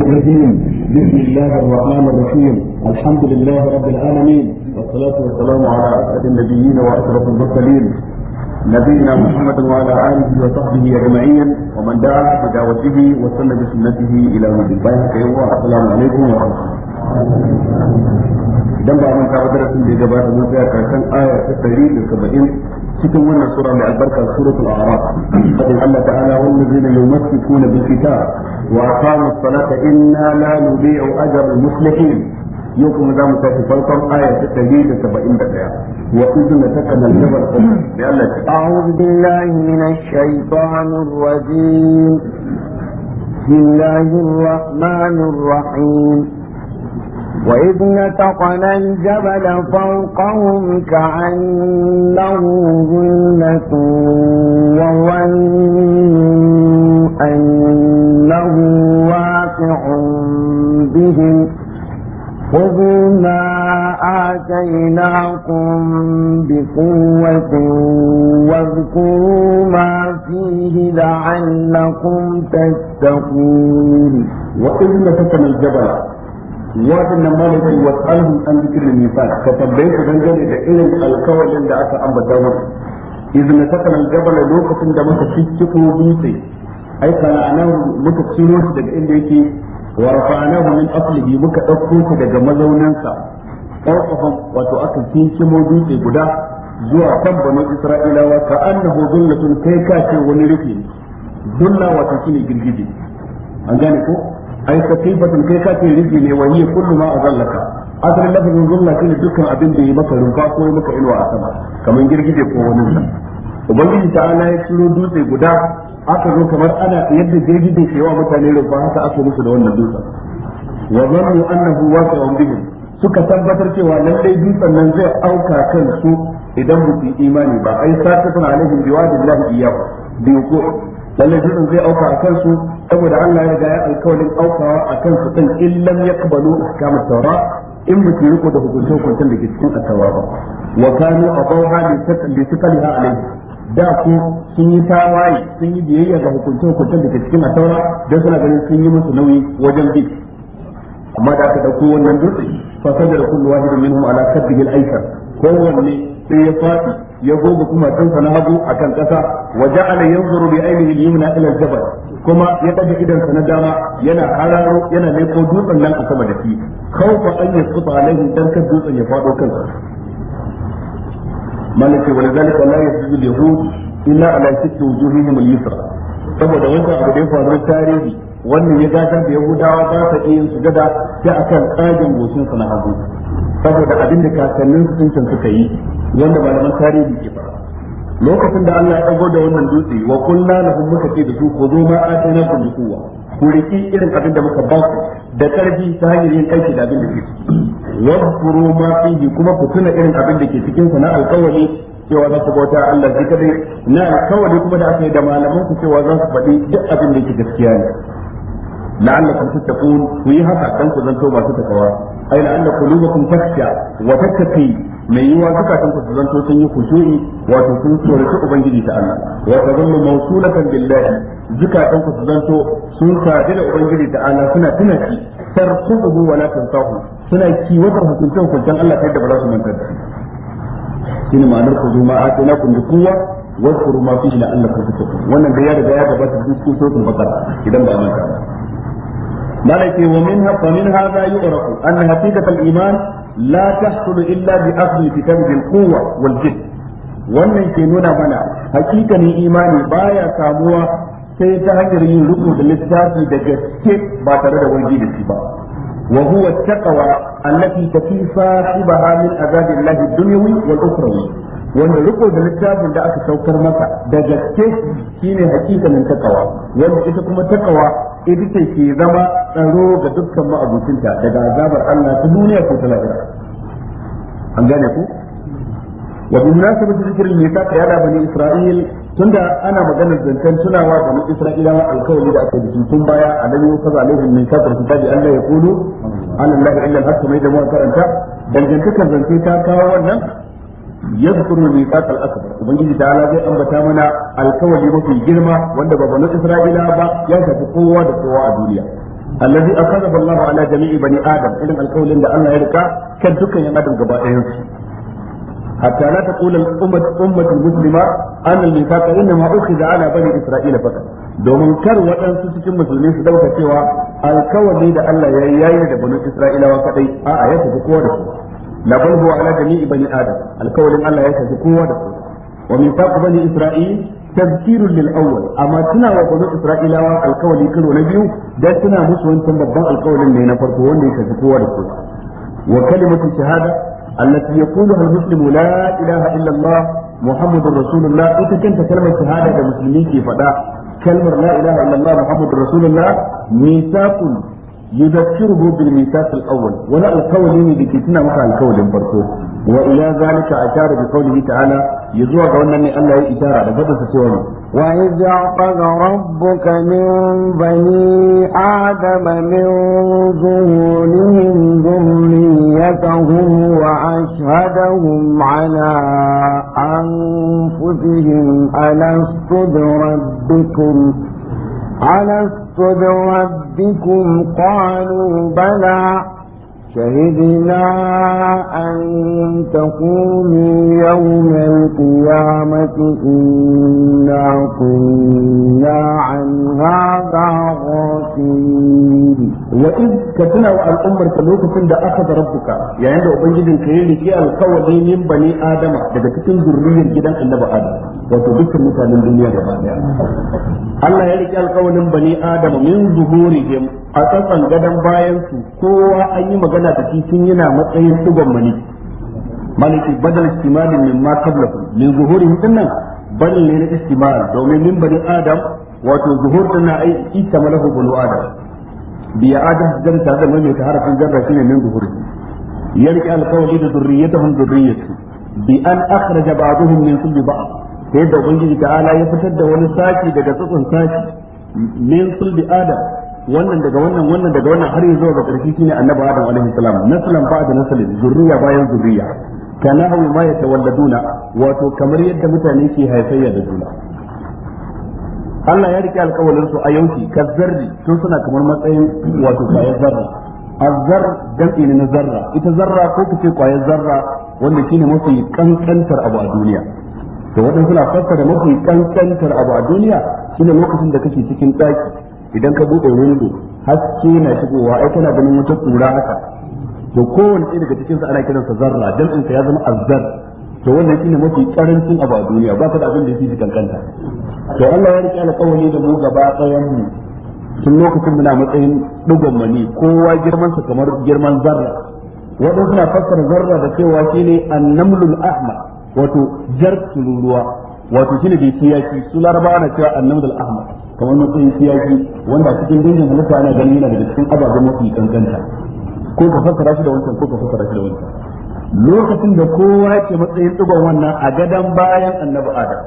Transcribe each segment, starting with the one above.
الرجيم بسم الله الرحمن الرحيم الحمد لله رب العالمين والصلاة والسلام على أشرف النبيين وأشرف المرسلين نبينا محمد وعلى آله وصحبه أجمعين ومن دعا بدعوته وسن بسنته إلى يوم الدين السلام عليكم ورحمة الله dan ba mun kawo darasin da ya gabata mun tsaya karshen aya ta 170 cikin wannan sura mai albarka suratul a'raf fadin Allah ta'ala wallazina yumsikuna bil kitab wa aqamu as-salata inna la nudhi'u ajra al-muslimin yukum da mu tafi farkon aya ta 171 wa idh nataqana al-jabal qul ya Allah a'udhu billahi minash shaitanir rajim بسم الله الرحمن الرحيم وإذ نتقنا الجبل فوقهم كأنه ظلة وظنوا أنه واقع بهم خذوا ما آتيناكم بقوة واذكروا ما فيه لعلكم تتقون وإذ نتقنا الجبل waɗannan malamai wa tsarin an da nisa ka tambaye su dangane da irin alkawalin da aka ambata musu izin na kan lokacin da muka kogin sai ai kana anan muka ciro shi daga inda yake wa rafa'nahu min aslihi muka ɗauko shi daga mazauninsa ɗaukakon wato aka cikkimo sai guda zuwa kan isra'ilawa ka annahu zullatun kai ka wani rufi dulla wato ne girgije an gane ko ai katifatun kai ka ce rufi ne wa hiya kullu ma azallaka asalin lafazin zulla shine dukkan abin da ya maka rumfa ko ya maka inuwa a sama kamar girgije ko wani nan ubangiji ala ya ciro dutse guda aka zo kamar ana yadda girgije ke yawa mutane rumfa haka aka musu da wannan dutsen wa zannu annahu waqi'un bihim suka tabbatar cewa lallai dutsen nan zai auka kan su idan ba su imani ba ai sa ta tana alaihim biwadin lahi iyyahu bi lalle jibin zai auka a kansu saboda Allah ya riga ya alkawarin aukawa a kansu kan illan ya yaqbalu a at-taura in ba su riko da hukuncin hukuncin da ke cikin at-taura ba wa kanu abawha li taqliha alayhi da ko sun yi tawaye sun yi biyayya ga hukuncin hukuncin da ke cikin at don suna ganin sun yi musu nauyi wajen bi amma da aka ɗauko wannan dutse fa sadar kullu wahidin minhum ala sabbihi al-aykar kowanne sai ya fadi ya goga kuma tansa na hagu akan kasa wa ja'ala yanzuru bi ainihi al-yumna ila al-jabal kuma ya daga idan sa na dama yana hararo yana leko dutsen nan a sama da shi khawfa an yasquta alaihi dan ka dutsen ya fado kansa malaka wa lidhalika la yasjudu al-yahud illa ala sitti wujuhihim al-yusra saboda wannan abu da ya faru tarihi wannan ya gadar da yahudawa ba sa iya yin sujada sai a kan ƙagen su na hagu saboda abin da kakannin su sun suka yi wanda malaman tarihi ke fara lokacin da Allah ya dago da wannan dutse wa kullu lahum muka ce da su ko zo ma atana kun dukuwa ku riki irin abin da muka ba ku da karfi ta hanyar yin aiki da abin da ke ciki wadkuru ma fihi kuma ku tuna irin abin da ke cikin sa na alƙawari cewa za su bauta Allah shi na alƙawari kuma da aka yi da malaman ku cewa za su faɗi duk abin da ke gaskiya ne la'allakum tattaqun ku yi haka dan ku zanto masu takawa ai la'alla qulubakum takhsha wa tattaqi mai yiwa zakatun ku zanto sun yi khushu'i wato sun tsoraci ubangiji ta Allah wa tazallu mawsulatan billahi zakatun ku zanto sun sadu da ubangiji ta Allah suna tuna shi tarkubu wa la tansahu suna kiwatar hukuncin hukuncin Allah kai da ba za su manta da shi ne ma'anar ku zuma a tsina kun da kowa wasu ma fihi la'allakum tattaqun wannan da ya riga ya gabata cikin suratul baqara idan ba manta ba ملك ومنها فمن هذا يعرف أن حقيقة الإيمان لا تحصل إلا بأخذ الكتاب بالقوة والجد wannan ke nuna mana hakikanin imani baya samuwa sai ta hanyar yin da littafi da gaske ba tare da wargi da shi ba wa huwa taqwa allati takifa sibaha min azabillahi dunyawi wal ukhrawi wanda riko da littafin da aka saukar masa da gaske shine hakikanin takawa wanda ita kuma takawa ita ke zama tsaro ga dukkan ma'abucinta daga azabar Allah ta duniya ko ta lahira an gane ku wa bi munasabati zikrin ne ta ya da bani Isra'il tunda ana maganar zancen tunawa da Isra'ilawa alkawari da aka yi tun baya a dan yau kaza alaihim min kafir kitabi Allah ya kulu Allah illa al-haqq mai da mu karanta dangantakar zance ta kawo wannan yadhkuru miqat al-akbar ubangiji ta Allah zai ambata mana alkawari mafi girma wanda ba banu Isra'ila ba ya shafi kowa da kowa a duniya alladhi akadahu Allah ala jami'i bani adam irin alkawalin da Allah ya rika kan dukkan yan adam gaba ɗayan su hatta la taqula al-ummat ummat muslima an al-miqat inma ukhidha ala bani Isra'ila fakat domin kar waɗansu cikin musulmi su dauka cewa alkawali da Allah ya yi da banu Isra'ilawa kadai a'a ya tafi kowa da kowa la bal huwa ala jami'i bani adam alkawalin Allah ya shafi kowa da kowa wa min faq bani isra'il tadhkirun lil awwal amma tuna wa bani isra'ilawa alkawali karo na biyu dan tuna musu wancan babban alkawalin ne na farko wanda ya kowa da kowa wa kalimatu shahada التي يقولها المسلم لا إله إلا الله محمد رسول الله إذا كنت كلمة شهادة المسلمين في فدا كلمة لا إله إلا الله محمد رسول الله ميثاق يذكره بالميثاق الأول ولا القول يلي بكتنا مكا القول بركو وإلى ذلك أشار بقوله تعالى يزوى قولنا أن الله إشارة لفضل ستوني وإذ أخذ ربك من بني آدم من ظهورهم ذريتهم وأشهدهم على أنفسهم ألست بربكم ألست بربكم قالوا بلى شهدنا أن تقوموا يوم القيامة إنا كنا عن هذا غافلين وإذ كتنا الأمة تلوك كن أخذ ربك يا عند أبنجد كريم في القول من بني آدم daga cikin zurriyar gidan annabi Adam wato dukkan mutanen duniya gaba daya Allah ya rike alƙawarin bani Adam min a tsatsan gadon bayan su kowa an yi magana da shi yana matsayin dugon mani maliki badal istimalin min ma qablakum min zuhurihim dinnan bal ne na istimal domin min bani adam wato zuhur din na ai isa malahu bulu adam bi adam dan ta da mai harafin jarra shine min zuhur yarki alqawli da zurriyatuhum zurriyatu bi an akhraja ba'dhum min bi ba'd sai da ubangiji ta'ala ya fitar da wani saki daga tsatsan saki min sulbi adam wannan daga wannan wannan daga wannan har yanzu ga karshe shine annabi adam alaihi salam naslan da naslin zurriya bayan zurriya kana hawi ma yatawaduna wato kamar yadda mutane ke haifayya da juna Allah ya rike alƙawarin su a yauki kazzarri sun suna kamar matsayin wato kwayar zarra azzar jam'i ne na zarra ita zarra ko kace kwayar zarra wanda shine mafi kankantar abu a duniya to wadansu suna fassara mafi kankantar abu a duniya shine lokacin da kake cikin daki idan ka buɗe windo haske na shigowa ai kana ganin wata kura haka to kowanne ɗaya daga cikinsa ana kiransa zarra dan sa ya zama azzar to wannan shine mafi karancin abu a duniya ba ka da abin da yake kankanta to Allah ya rike alƙawari da mu gaba ɗayan mu tun lokacin muna matsayin digon mani kowa girman sa kamar girman zarra waɗansu suna fassara zarra da cewa shine annamlul ahmar wato jar tururuwa wato shine bai kiyashi su larabawa na cewa annamlul ahmar kamar matsayin siyaki wanda a cikin dangin halitta ana ganin yana daga cikin ababen mafi kankanta ko ka fassara shi da wancan ko ka fassara shi da wancan lokacin da kowa ke matsayin ɗiban wannan a gadon bayan annabi adam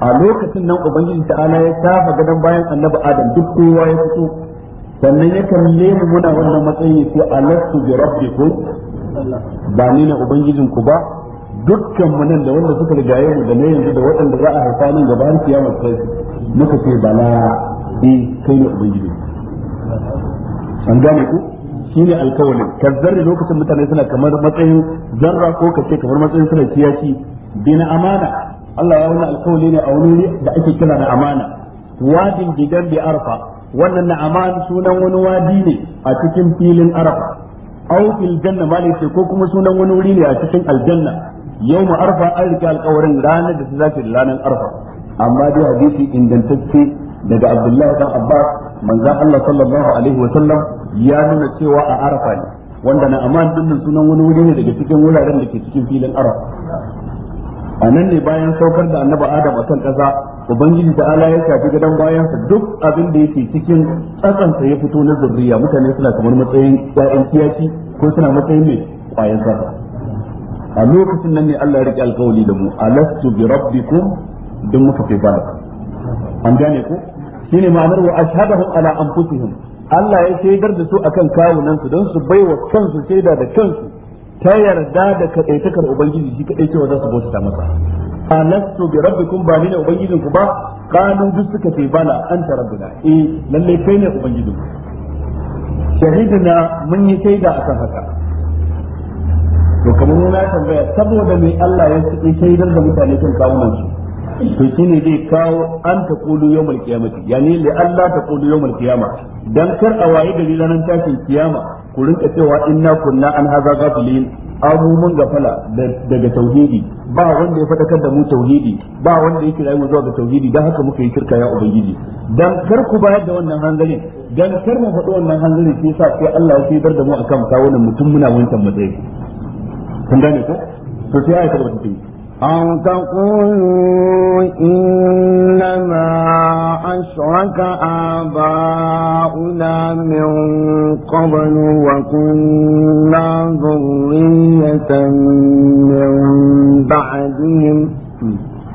a lokacin nan ubangiji ta'ala ya tafa gadon bayan annabi adam duk kowa ya fito sannan ya kalle mu muna wannan matsayin ya ko alastu bi rabbikum ba ni na ubangijinku ba dukkan mu nan da wanda suka rigaye mu da na yanzu da waɗanda za a haifa nan gaba har kiyama kai, yi muka ce bala eh kai ne ubangiji an gane ku shine alkawalin kazzarri lokacin mutane suna kamar matsayin zarra ko kace kamar matsayin suna kiyashi bi na amana Allah ya wani alkawali ne a wani da ake kira da amana wadin gidan bi arfa wannan na aman sunan wani wadi ne a cikin filin arfa au fil janna ma ko kuma sunan wani wuri ne a cikin aljanna yau mu arfa an rike alkawarin ranar da ta dace da ranar arfa amma dai hadisi ingantacce daga abdullahi dan abbas manzon allah sallallahu alaihi wa sallam ya nuna cewa a arfa ne wanda na aman dinnan sunan wani wuri ne daga cikin wuraren da ke cikin filin arfa a nan ne bayan saukar da annabi adam a kan ƙasa ubangiji ta ala ya shafi gadon bayansa duk abin da yake cikin tsatsansa ya fito na zurriya mutane suna kamar matsayin ya'yan kiyaci ko suna matsayin mai ƙwayan zarra a lokacin nan ne Allah ya rike alkawali da mu alastu bi rabbikum dun muka fi bala an gane ko shine ma'anar wa ashhadahum ala anfusihim Allah ya shaidar da su akan kawunan su don su baiwa kansu shaida da kansu ta yarda da kadaitakar ubangiji shi kadai cewa za su bauta masa alastu bi rabbikum ba ni ne ubangijin ku ba kanu duk suka ce bala anta rabbuna eh lalle kai ne ubangijin ku shahidina mun yi shaida akan haka to kamar ne na tambaya saboda me Allah ya ci shaidar da mutane kan nan su to shine zai kawo an ta kulu yawmal qiyamati yani li Allah ta kulu yawmal qiyama dan kar a waye gari ranan tashin kiyama ku rinka cewa inna kunna an haza ghafilin abubuwan gafala daga tauhidi ba wanda ya fadakar da mu tauhidi ba wanda ya kira mu zuwa ga tauhidi dan haka muka yi shirka ya ubangiji dan kar ku bayar da wannan hanzarin dan kar mu faɗi wannan hanzarin sai sa sai Allah ya bar da mu akan kawo mutum muna wancan matsayi kun gane ko to sai ayata ba take an ta qulu innama ashraka abauna min qabl wa kunna dhurriyatan min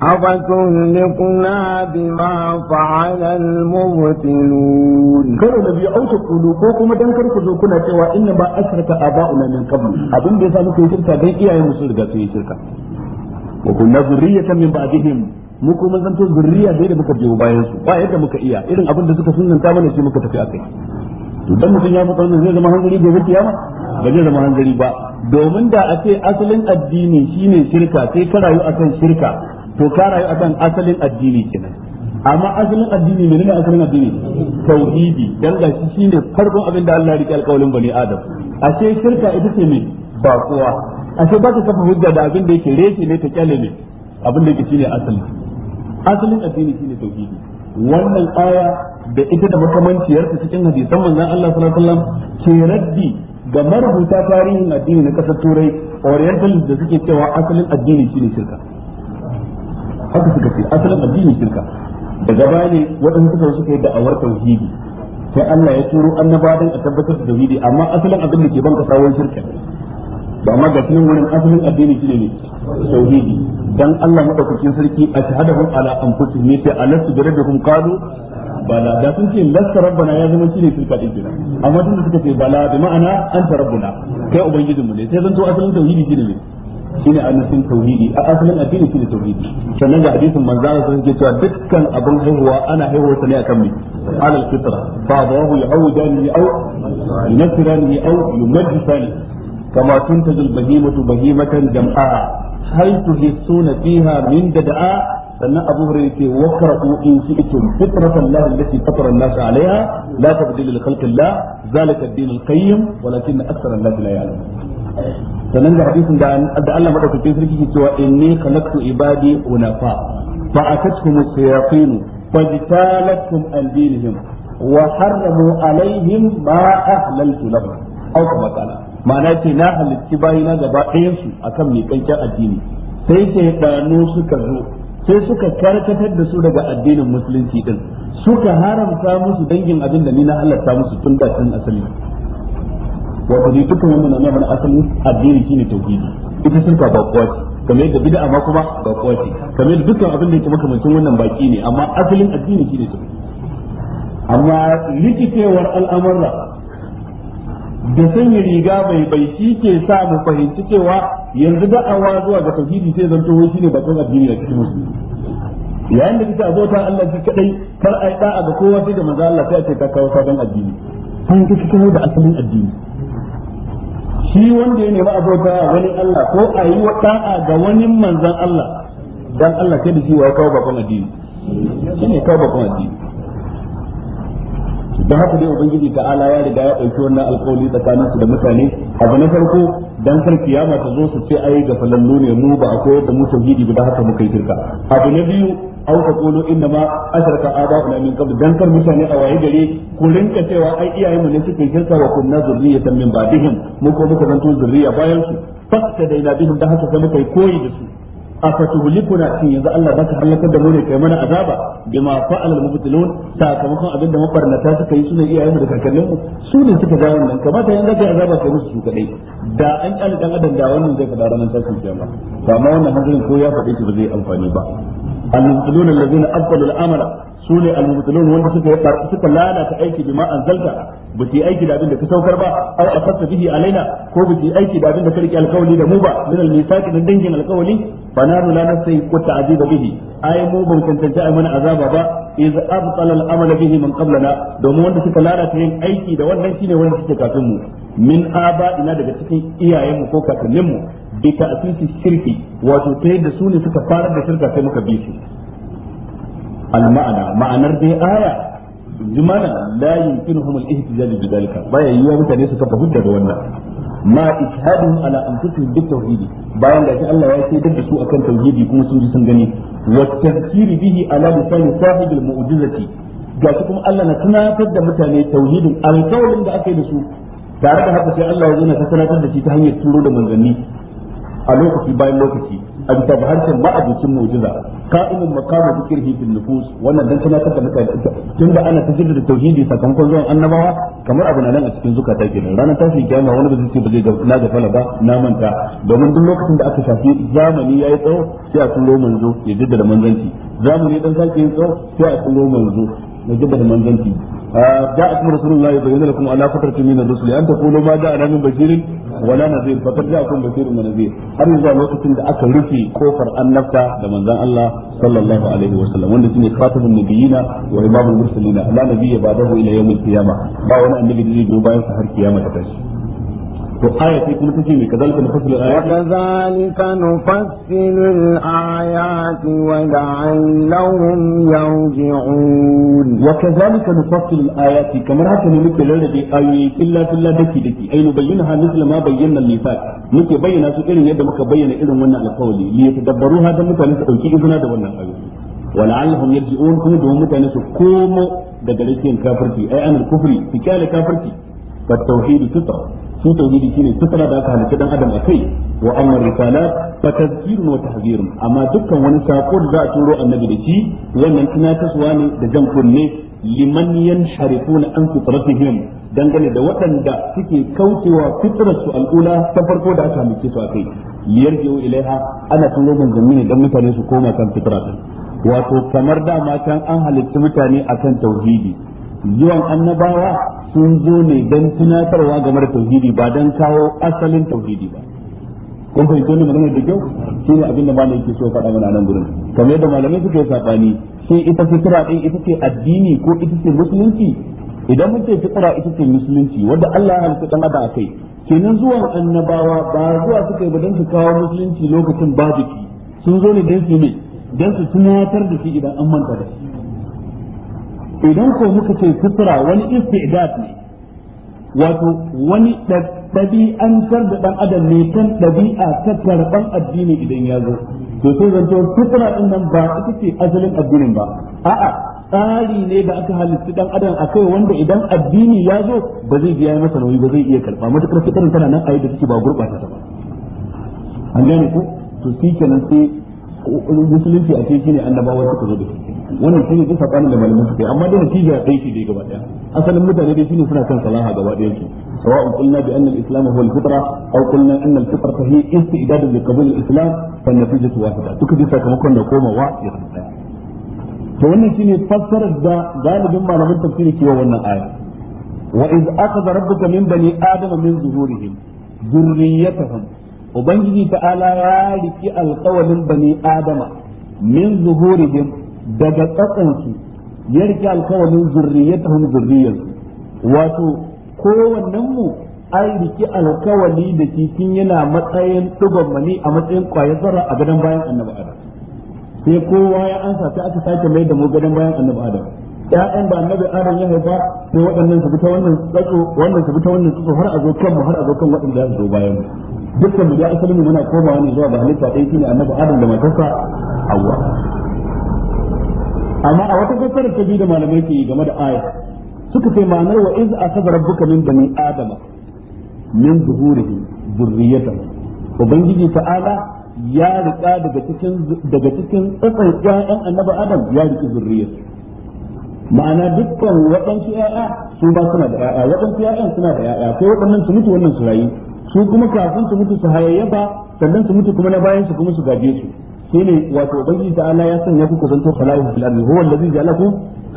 أفتهلكنا بما فعل المبتلون كانوا نبي أو تقولوا كوكما تنكر كنا سوى إنما أشرك آباؤنا من قبل أبن بيسا نكو شركا دي إيا يمسلقا في شركا وكنا ذرية من بعدهم mu kuma zanto zurriya da muka biyo bayan su ba yadda muka iya irin abin da suka sunan ta mana shi muka tafi akai to dan mutun ya mutu wannan zai zama hanzari gobe kiyama ba zai zama hanzari ba domin da a ce asalin addini shine shirka sai ka rayu akan shirka to kana yi akan asalin addini kenan amma asalin addini ne asalin addini tauhidi dan shi shine farkon abin da Allah ya rike alƙawarin bani adam ashe shirka ita ce me ba kowa ashe ba ta kafa hujja da abin da yake reshe ne ta kyale ne abin da yake shine asali asalin addini shine tauhidi wannan aya da ita da ta cikin hadisan manzon Allah sallallahu alaihi wasallam ke raddi ga marubuta tarihin addini na kasar turai oriental da suke cewa asalin addini shine shirka haka suka ce asalin addini shirka daga baya ne waɗanda suka suka yi da'awar tauhidi sai Allah ya turo annaba dan a tabbatar da tauhidi amma asalin abin da ke banka sawon shirka to amma ga cikin wurin asalin addini shine ne tauhidi dan Allah madaukakin sarki ashhadahum ala anfusihim ta alastu bi rabbikum qalu bala da sun ce lasta rabbana ya zama shine shirka din kenan amma tunda suka ce bala bi ma'ana anta rabbuna kai ubangijinmu ne sai zan to asalin tauhidi shine ne shine annasin tauhidi a asalin addini shine tauhidi sannan ga hadisin manzo a sun ce cewa dukkan abin haihuwa ana haihuwa sa ne akan me alal fitra fa bawahu yahudani aw yunfirani aw yumajjisani kama tuntaju al-bahimatu bahimatan jam'a hal tuhissuna fiha min dad'a sannan abu hurairah ce wa qara'u in shi'tum fitratan allah allati fatara an-nas 'alayha la tabdila li khalqillah zalika ad-din al-qayyim walakin akthara an-nas la ya'lamun sannan da hadisin da Allah madaukakin sarki ke cewa inni khalaqtu ibadi unafa fa atatuhum shayatin fajtalatum an dinihim wa harramu alaihim ma ahlaltu lahum aw kama kana ma'ana ce na halitti bayina gaba ɗayan su akan miƙancen addini sai shaydanu suka zo sai suka karkatar da su daga addinin musulunci din suka haramta musu dangin abin da ni na halatta musu tun da tun asali wato dai dukkan wannan na nuna asalin addini shine tauhidi ita shirka ba kuwa ce kamar yadda bid'a ma kuma ba kuwa ce kamar yadda dukkan abin da yake makamancin wannan baki ne amma asalin addini shine tauhidi amma likitewar al'amurra da sanya riga bai bai shi ke sa mu fahimci cewa yanzu da'awa zuwa ga tauhidi sai zanto wai shine bakon addini a cikin musulmi yayin da kika abota Allah shi kadai kar ai da'a ga kowa sai da manzo Allah sai a ce ka kawo sabon addini kun kike kawo da asalin addini shi wanda ya nemi abota wani Allah ko a yi wa ga wani manzan Allah dan Allah kai da shi wa kawo bakon addini shine kawo bakon addini don haka dai ubangiji ta'ala ya riga ya ɗauki wannan alƙawari tsakanin su da mutane abu na farko dan kar kiyama ta zo su ce ai ga falallu ne mu ba a koyar da mu tauhidi ba haka muka yi kirka abu na biyu aw taqulu inna ma ashraka aba'una min qabl dan kar mutane a waye gare ku rinka cewa ai iyayen mu ne suke shirka wa kunna zurriyatan min ba'dihim mu ko muka zanto zurriya bayan su fakta ina bihim da haka sai muka yi koyi da su afatuhlikuna shin yanzu Allah za ka halakar da mu ne kai mana azaba bima fa'ala al-mubtilun sakamakon abin da mabarnata suka yi suna iyayen mu da kakannin mu su ne suka ga wannan kamata yanzu kai azaba kai musu su kadai da an kyale dan adam da wannan zai fada ranar tashin kiyama to amma wannan hanzarin ko ya faɗe shi ba zai amfani ba al-mubtilun allazina afdalu al-amala su ne al-mubtilun wanda suka yi suka lalata aiki bima anzalta ba su aiki da abin da ka saukar ba aw asafta bihi alaina ko ba su aiki da abin da ka rike alkawali da mu ba min al-misaqi da dangin alkawali fa nanu sai nasai ku ta'diba bihi ai mu ban tantance ai mana azaba ba iz abtala al-amala bihi min qablana domin wanda suka lalata yin aiki da wannan shine wanda suke kafin mu min aba ina daga cikin iyayenmu ko kakanninmu bi ta'sisi shirki wato ta yadda su ne suka fara da shirka sai muka bi su al-ma'ana ma'anar dai aya jumana la yumkinuhum al-ihtijaj bi dalika baya yiwa mutane su kafa hujja da wannan ma ishadin ala anfusihim bi tauhidi bayan da Allah ya ce da su akan tauhidi kuma sun gani wa tafsiri bihi ala lisani sahibil mu'jizati gashi kuma Allah na tunatar da mutane tauhidin alƙawarin da aka yi da su tare da haka sai Allah ya zo na ta sanatar da shi ta hanyar turo da manzanni a lokaci bayan lokaci a bisa ba harshen ma'abucin mu'jiza ka'imun makamu zikirhi fil nufus wannan dan kana kada mutane da ana tajidda da tauhidi sakamakon zuwan annabawa kamar abu nan a cikin zukata kenan ranar tashin kiyama wani ba zai ba zai na gafala ba na manta domin duk lokacin da aka shafi zamani ya yi tsawo sai a kullo manzo ya jaddada manzanci zamani dan sake yin tsawo sai a kullo manzo نجبة من ذنتي جاءكم رسول الله يبين لكم على فترة من الرسل أن تقولوا ما جاءنا من بشير ولا نذير فقد جاءكم بشير ونذير har zuwa lokacin da aka rufe kofar annabta da manzon Allah sallallahu alaihi wasallam wanda biyina khatibun nabiyina wa imamul mursalina la nabiyya ba'dahu ila yawmil qiyamah ba wani annabi da zai zo bayan sa har kiyama ta to aya sai kuma take mai kazalika nufassilu ayati kazalika nufassilu ayati wa la'allahum yarji'un wa kazalika nufassilu ayati kamar haka ne muke rarrabe ayoyi illa illa daki daki ai nu bayyana ha misla ma bayyana lifat muke bayyana su irin yadda muka bayyana irin wannan alƙawari li yatadabbaru ha mutane su dauki izina da wannan ayoyi wa la'allahum yarji'un kuma domin mutane su komo daga rikin kafirci ai anil kufri fi kyale kafirci fa tauhid tutra su tauhidi shine sifar da aka halitta dan adam akai wa amma risalat fa tazkirun wa tahzirun amma dukkan wani sako da za a turo annabi da shi wannan tunatarwa ne da jan kunne liman yanharifuna an fitratihim dangane da waɗanda suke kaucewa fitrar su al'ula ta farko da aka halitta su akai liyarjiu ilaiha ana turo manzanni ne dan mutane su koma kan fitrar wato kamar dama can an halitta mutane akan tauhidi zuwan annabawa sun zo ne don tunatarwa game da tauhidi ba don kawo asalin tauhidi ba kun fahimta ne maganar da kyau shi ne abin da yake so faɗa mana nan gurin kamar yadda malamai suke saɓani sabani shi ita fitra ɗin ita ce addini ko ita ce musulunci idan muke ce ita ce musulunci wanda Allah ya halitta dan adam akai kenan zuwan annabawa ba zuwa suka yi ba don su kawo musulunci lokacin ba jiki sun zo ne don su ne don su tunatar da shi idan an manta da shi idan ko muka ce sutura wani istidad ne wato wani ɗabi'antar da ɗan adam ne kan ɗabi'a ta karɓar addini idan ya zo to sai zanto sutura ɗin nan ba ita ce asalin addinin ba a'a tsari ne da aka halitta ɗan adam a kai wanda idan addini ya zo ba zai biya masa nauyi ba zai iya karɓa matuƙar fitarin tana nan a yadda take ba gurɓata ta ba an gane ko to shi kenan sai musulunci a ce shine annabawa suka zo da shi wannan shine duk sabanin da malamin suka yi amma dai natija dai shi dai gaba daya asalin mutane dai shine suna kan salaha gaba daya su sawa'un qulna bi anna al-islam huwa al-fitra aw qulna anna al-fitrata hiya istidad li qabul al-islam fa natijatu wahida duka dai sakamakon da komawa ya tsaya to wannan shine fassarar da galibin malamin tafsiri ke wannan aya wa iz akhadha rabbuka min bani adama min zuhurihim zurriyatahum ubangiji ta'ala ya riki alqawlin bani adama min zuhurihim daga tsatsansu ya rike alkawalin hun zurriyarsu wato kowannen mu an riki alkawali da shi yana matsayin ɗigon mani a matsayin kwayar zara a gadon bayan annabi adam sai kowa ya ansa sai aka sake mai da mu gadon bayan annabi adam ya'yan ba annabi adam ya haifa sai waɗannan su fita wannan tsatso wannan su fita wannan tsatso har a zo kanmu har a zo kan waɗanda za su zo bayan mu dukkan mu ya asalin muna komawa ne zuwa ga halitta ɗaya shine annabi adam da matarsa Hawwa amma a wata fassarar ta biyu da malamai ke yi game da aya suka ce ma'anar wa iz asaba rabbuka min bani adama min zuhurihi zurriyata ubangiji ta'ala ya rika daga cikin daga cikin tsakan ƴaƴan annabi adam ya rika zurriyar ma'ana dukkan waɗansu ƴaƴa su ba suna da ƴaƴa waɗansu ƴaƴan suna da ƴaƴa sai waɗannan su mutu wannan su rayu su kuma kafin su mutu su hayayyafa sannan su mutu kuma na bayan su kuma su gaje su shine wato ubangiji ta Allah ya sanya ku ku zanto khala'ifa fil ardi huwa allazi ja'alakum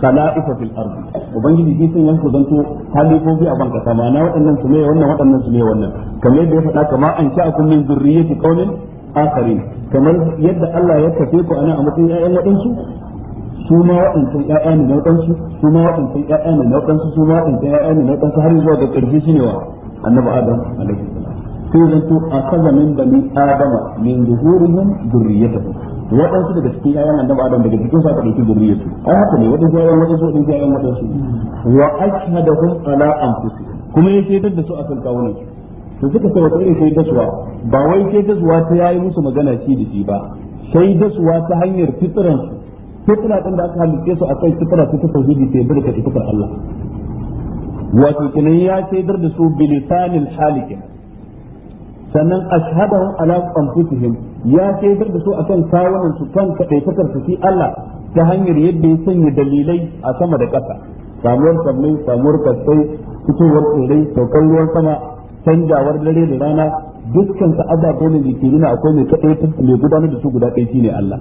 khala'ifa fil ardi ubangiji shi sanya ku zanto halifofi a banka sama na waɗannan su ne wannan waɗannan su ne wannan kamar yadda ya faɗa kama an sha'akum min zurriyyati qaumin akharin kamar yadda Allah ya kafe ku ana a matsayin ƴaƴan waɗansu su ma waɗancan ƴaƴa ne na su ma waɗancan ƴaƴa ne na su ma waɗancan ƴaƴa ne na waɗansu har zuwa ga ƙarshe shine wa annabi Adam alaihi salam sai zanto akaza min bani adama min zuhurihim zurriyatuhum waɗansu daga cikin yayan annabi adam daga cikin sa ɗauki zurriyatu ai haka ne waɗansu yayan waɗansu waɗansu yayan waɗansu wa ashhadahum ala anfusihim kuma ya shaidar da su a kan kawunan su suka ce wata irin shaidarsuwa ba wai shaidarsuwa ta yayi musu magana shi da shi ba shaidarsuwa ta hanyar fitransu fitra din da aka halitta su akai fitra ta tauhidi sai barka ta fitar Allah wato kenan ya shaidar da su bilisanil halikin sannan ashhadahum ala anfusihim ya shaidar da su akan kawunan su kan kadaitakar su fi Allah ta hanyar yadda ya sanya dalilai a sama da ƙasa samuwar sammai samuwar kasai fitowar tsirrai saukar ruwan sama canjawar dare da rana dukkan sa ababe ne da ke nuna akwai mai kadaitar mai gudanar da su guda ɗaya shine Allah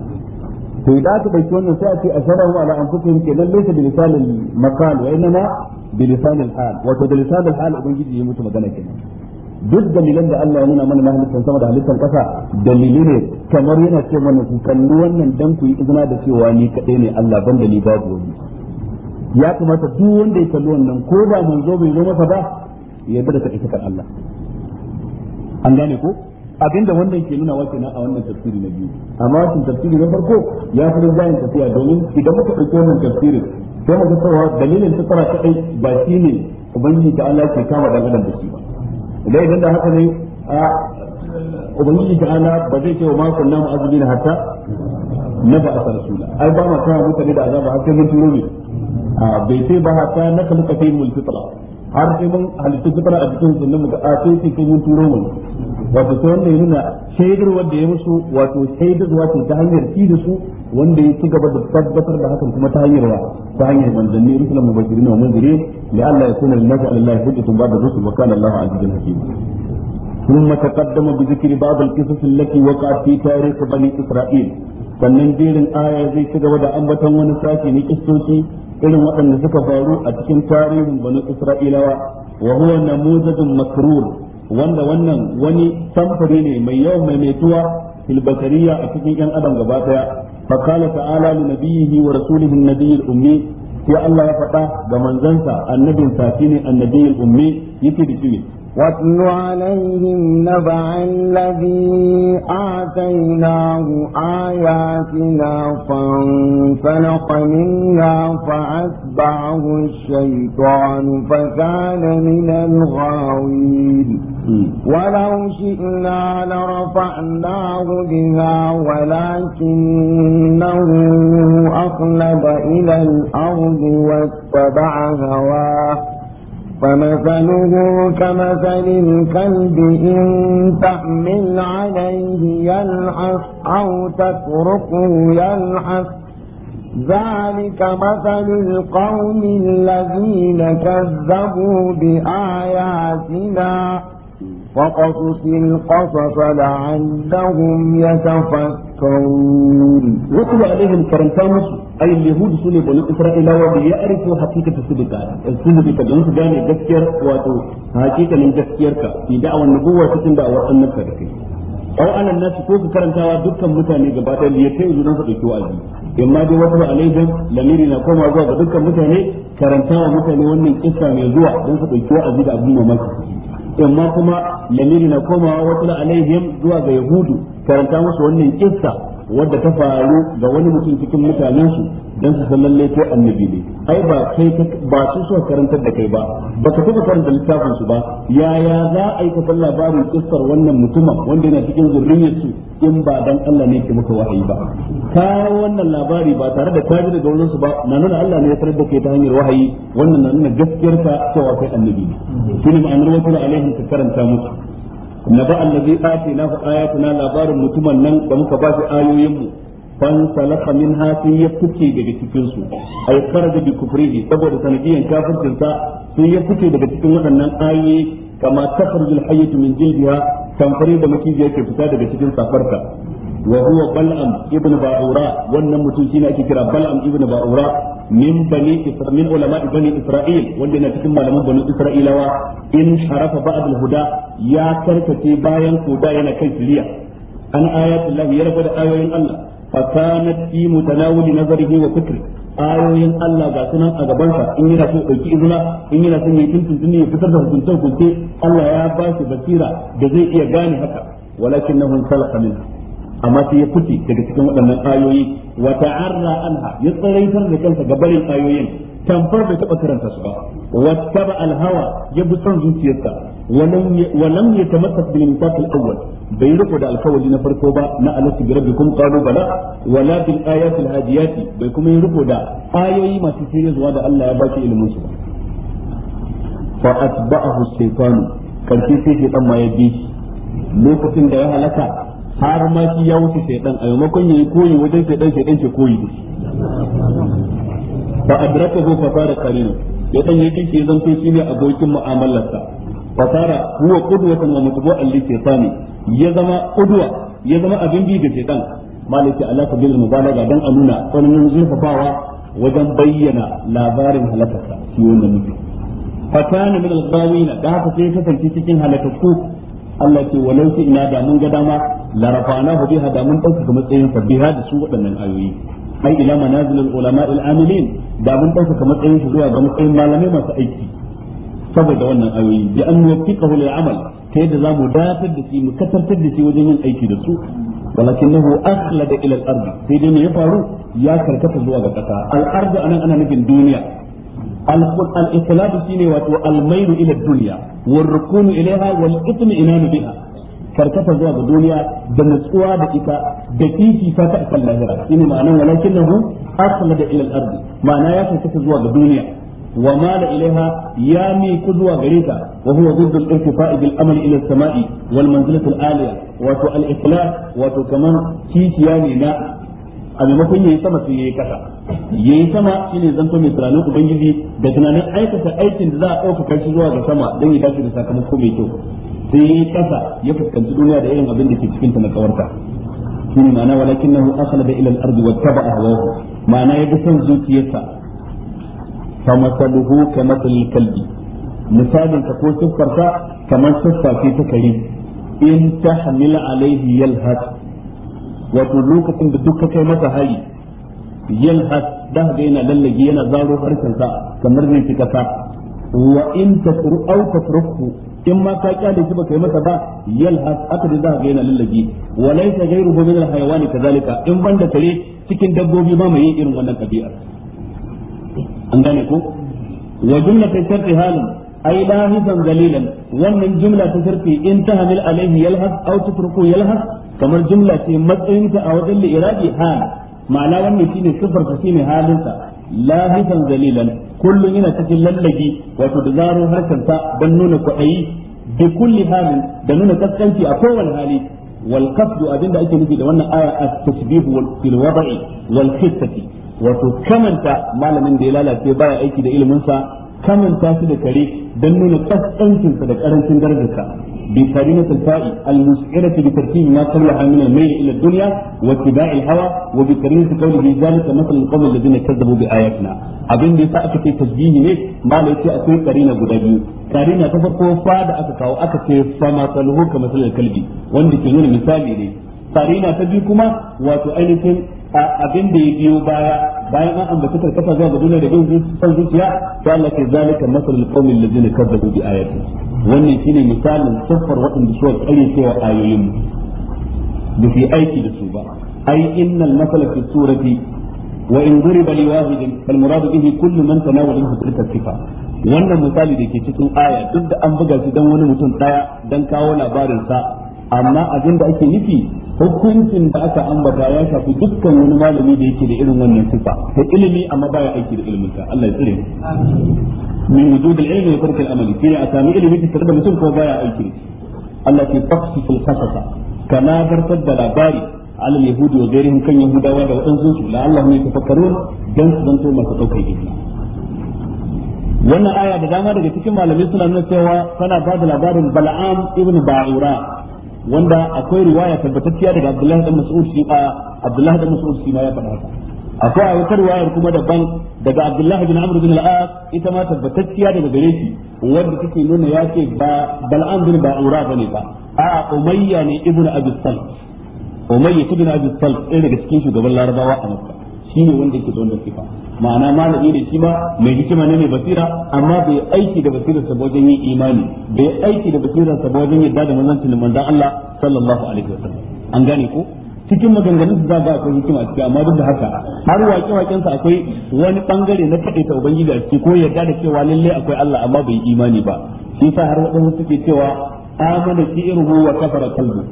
to idan aka dauki wannan sai a ce ashhadahum ala anfusihim kenan laysa bi lisanil maqal wa inma bi lisanil hal wato da lisanil hal ubangiji ya mutu magana kenan duk dalilan da Allah ya nuna mana na halittar sama da halittar kasa dalili ne kamar yana ce mana ku kalli wannan dan ku yi izina da cewa ni kadai ne Allah ban da ni babu wani ya kamata duk wanda ya kalli wannan ko da zo bai zo masa ba ya yarda da kadai Allah an gane ko abinda wannan ke nuna wace na a wannan tafsiri na biyu amma wannan tafsiri na farko ya fi zayin tafiya domin idan muka ɗauki wannan tafsirin sai mu ga cewa dalilin tsara kaɗai ba ne ubangiji ta Allah ke kama dan adam da shi ba idan idan da haka ne a ubangiji ana ba zai ce wa ma kunna mu'azzibina hatta na ba a rasula ai ba ma kawo mutane da azaba har sai mun turo ne A bai sai ba hatta na kalu kafi mulfitra har sai mun halittu fitra a cikin sunan muka a sai sai mun turo mu wato sai wanda ya nuna shaidar wanda ya musu wato shaidar wato ta hanyar ci da su wanda ya ci gaba da tabbatar da hakan kuma ta hanyar wa ta hanyar manzanni rusulan mubashirin wa munzirin li alla yakuna lin nasi ala allahi hujjatun ba'da rusul wa kana allahu azizan hakim ثم تقدم بذكر بعض القصص التي وقعت في تاريخ بني اسرائيل sannan jerin aya zai ci gaba da ambaton wani sashi na kistoci irin waɗanda suka faru a cikin tarihin bani isra'ilawa wa huwa namuzajun makrur wanda wannan wani samfuri ne mai yawan maimaituwa fil a cikin yan adam gaba daya fa qala ta'ala li nabiyhi wa rasulihi an-nabiy ummi sai Allah ya faɗa ga manzansa annabin sa shine annabiyul ummi yake da shi واتل عليهم نبع الذي آتيناه آياتنا فانفلق منا فأتبعه الشيطان فكان من الغاوين ولو شئنا لرفعناه بها ولكنه أخلد إلى الأرض واتبع هواه فمثله كمثل الكلب إن تحمل عليه يلحس أو تتركه يلحس ذلك مثل القوم الذين كذبوا بآياتنا فقصص القصص لعلهم يتفكرون وقل عليهم كرنتان أي اليهود سنة بني إسرائيل وبيعرفوا حقيقة الصدق الصدق كدنس جاني جسير واتو حقيقة من جسيرك في دعوة النبوة ستن دعوة أنك لكي أو أن الناس كوك كرنتاوا دكا متاني قباتا ليتين جنان صدق وعزي إما دي وقل عليهم لميري نقوم أزوا دكا متاني كرنتاوا متاني ونن إسرائيل زوا دنس صدق وعزي دعوة ممالك amma kuma lamiri na komawa wasu alaihim zuwa ga yahudu karanta musu wannan kissa wadda ta faru ga wani mutum cikin mutanen su dan su san lallai ko annabi ne ai ba kai ba su so karantar da kai ba ba ka taba karanta littafin su ba yaya za a yi ka labarin kissar wannan mutumin wanda yana cikin zurriyar su in ba dan Allah ne ke maka wahayi ba ka wannan labari ba tare da kaji da wurin ba na nuna Allah ne ya tarar da kai ta hanyar wahayi wannan na nuna gaskiyar ka cewa kai annabi ne shine ma'anar wasu alaihim ka karanta musu naba allazi atinahu ayatuna labarin mutumin nan da muka ba shi ayoyin mu fan salaka minha sai ya fice daga cikin su ay kharaja bi kufrihi saboda sanadiyan kafircin sa sai ya fice daga cikin waɗannan ayoyi kama takhruju al-hayyatu samfari jildiha tamfari da maciji yake fita daga cikin safarta wa bal'am ibn ba'ura wannan mutum shine ake kira bal'am ibn ba'ura min bani isra min ulama bani isra'il wanda yana cikin malaman bani isra'ilawa in harafa ba'd al-huda ya karkace bayan huda yana kai shiriya an ayatullahi ya da ayoyin Allah fa kanat fi mutanawuli nazarihi wa fikri ayoyin Allah ga sunan a gabansa in yana so ɗauki izina in yana son yi tuntun ya fitar da hukunce hukunce Allah ya bashi basira da zai iya gane haka walakinnahum salaqa minha amma sai ya fice daga cikin waɗannan ayoyi wa ta'arra anha ya tsaraitar da kansa ga barin ayoyin tamfar bai taɓa karanta su ba wa taba alhawa ya bi son zuciyarsa wa lam yatamassas bil mithaq awwal bai riko da alkawari na farko ba na alasu bi rabbikum qalu bala wa la bil hadiyati bai kuma yi riko da ayoyi masu zuwa da Allah ya baki ilimin su fa atba'ahu shaytanu karshe sai shaytan ma ya bi lokacin da ya halaka har ma shi ya wuce shaydan a maimakon yi koyi wajen shaydan shaydan ke koyi da shi fa adraka hu fa fara qarina ya dan yake ke zanto shine abokin mu'amalarsa fasara huwa qudwatan wa mutbu'an li shaytani ya zama qudwa ya zama abin bi ga shaytan malaki ala sabilil mubalaga dan a nuna tsananin zurfafawa wajen bayyana labarin halakarsa shi wannan mutum fatana min al-ghawina da haka sai kasance cikin halakakku Allah ce wa shi ina da mun ga dama larafana hu biha da mun dauka matsayin sa biha da su waɗannan ayoyi ai ila manazilul ulama al amilin da mun dauka matsayin su zuwa ga matsayin malamai masu aiki saboda wannan ayoyi bi an yuwaffiqahu lil amal ta da zamu dafar da shi mu kasantar da shi wajen yin aiki da su walakinahu akhlada ila al ard sai dai ne ya faru ya karkata zuwa ga kasa al ard anan ana nufin duniya al-iqlab shine wato al-mailu ila dunya wa rukunu ilaiha wal itminanu biha karkata zuwa ga duniya da nutsuwa da ita da titi ta ta kan lahira shine ma'anan walakin nahu aslada ila al-ardi ma'ana ya karkata zuwa ga duniya wa mala ilaiha ya mi kudwa gare ta wa huwa ضد الارتفاع بالامل الى السماء والمنزله العاليه wato al wato kaman titiya ne na a maimakon yayi sama sai yayi kasa yayi sama shine zanto mai tunanin ubangiji da tunanin aikata aikin da za a ɗaukaka shi zuwa ga sama don ya dace da sakamako mai kyau sai yayi kasa ya fuskanci duniya da irin abin da ke cikin ta na kawarta shine ma'ana walakinahu akhlada ila al-ard wa taba'a hawahu ma'ana ya bi son zuciyarsa fa masaluhu kamathal kalbi misalin ka ko siffarsa kamar siffa ce ta kare in ta tahmil alaihi yalhat wato lokacin da duk ka kai masa hari yalhas da ga yana lallage yana zaro harshen sa kamar zai fi kasa wa in tasru aw tasrufu in ma ka kyale shi baka yi masa ba yalhas aka da za ga yana lallage wa laysa ghayruhu min alhayawani kadhalika in banda kare cikin dabbobi ba mai irin wannan ɗabi'ar an gane ko wa jumlatan sharri halin أي لاهثا ذليلا ومن جملة ترفي إن تهمل عليه يلهث أو تتركه يلهث كما الجملة متعنك أو ذل إرادي حال معنى ومن شيني صفر شيني حالنسا لاهثا ذليلا كل هنا تكل للجي وتدزار هكذا بنون كأي بكل حال بنون تسكنتي أقوى الحالي والقصد أبين دا أكي نجي لأن آية التشبيه في الوضع والخصة وتكمنت ما لمن دلالة بaya aiki da ilimin sa Kamin tafi da kare dan nuna kaskancin da karancin darajarsa bi karina tilfa'i al-mus'ira bi tartib ma qabla min mayl ila dunya wa tiba'i al-hawa wa bi karina qawlihi zalika masal al-qawm alladhina kazzabu bi ayatina abin da yasa aka ce tajbihi ne ba da akwai karina guda biyu karina ta farko fa da aka kawo aka ce fa ma saluhu kama masal kalbi wanda ke nuna misali ne karina ta biyu kuma wato ainihin abin da ya biyo baya bayan an ambaci karkata zuwa ga duniya da bin san zuciya sai Allah ke zalika masalul qawmil ladzina kazzabu bi ayati wannan shine misalin siffar waɗanda suka kare cewa ayoyin da su aiki da su ba ai innal masala fi surati wa in duriba li wahidin fal murad bihi kullu man tanawala tilka sifa wannan misali da ke cikin aya duk da an buga shi dan wani mutum daya dan kawo labarin sa amma abin da ake nufi hukuncin da aka ambata ya shafi dukkan wani malami da yake da irin wannan sifa ta ilimi amma baya aiki da ilimin ta Allah ya tsare min wujud al-ilmi wa tark al-amali fi a sami ilimi ta da mutum ko baya aiki Allah ke tafsi fil qasasa kana barkar da labari al yahudi wa gairihim kan yahudawa da wadansu su la Allah ne tafakkarun dan su zanto masu daukar ilimi wannan aya da dama daga cikin malamai suna nuna cewa tana ba da labarin bal'am ibn ba'ura wanda akwai riwaya tabbatacciya daga Abdullahi dan Mas'ud shi a Abdullahi dan Mas'ud shi ma ya faɗa haka akwai wata riwayar kuma daban daga Abdullahi bin Amr bin al-As ita ma tabbatacciya daga gare shi wanda take nuna ya ce ba Bal'am bin Ba'ura bane ba a Umayya ne ibnu Abi Salih Umayya ibn Abi Salih ɗaya daga cikin shugaban Larabawa a Makka ne wanda yake da sifa ma'ana malami da shi ma mai hikima ne mai basira amma bai aiki da basirar sa wajen yin imani bai aiki da basirar sa wajen yadda da manzancin manzon Allah sallallahu alaihi wasallam an gane ko cikin maganganun da za akwai hikima cikin amma duk da haka har waƙe waƙen sa akwai wani bangare na kaɗe ta ubangiji a ciki ko yadda da cewa lalle akwai Allah amma bai imani ba shi yasa har waɗansu suke cewa amana shi'ruhu wa kafara kalbu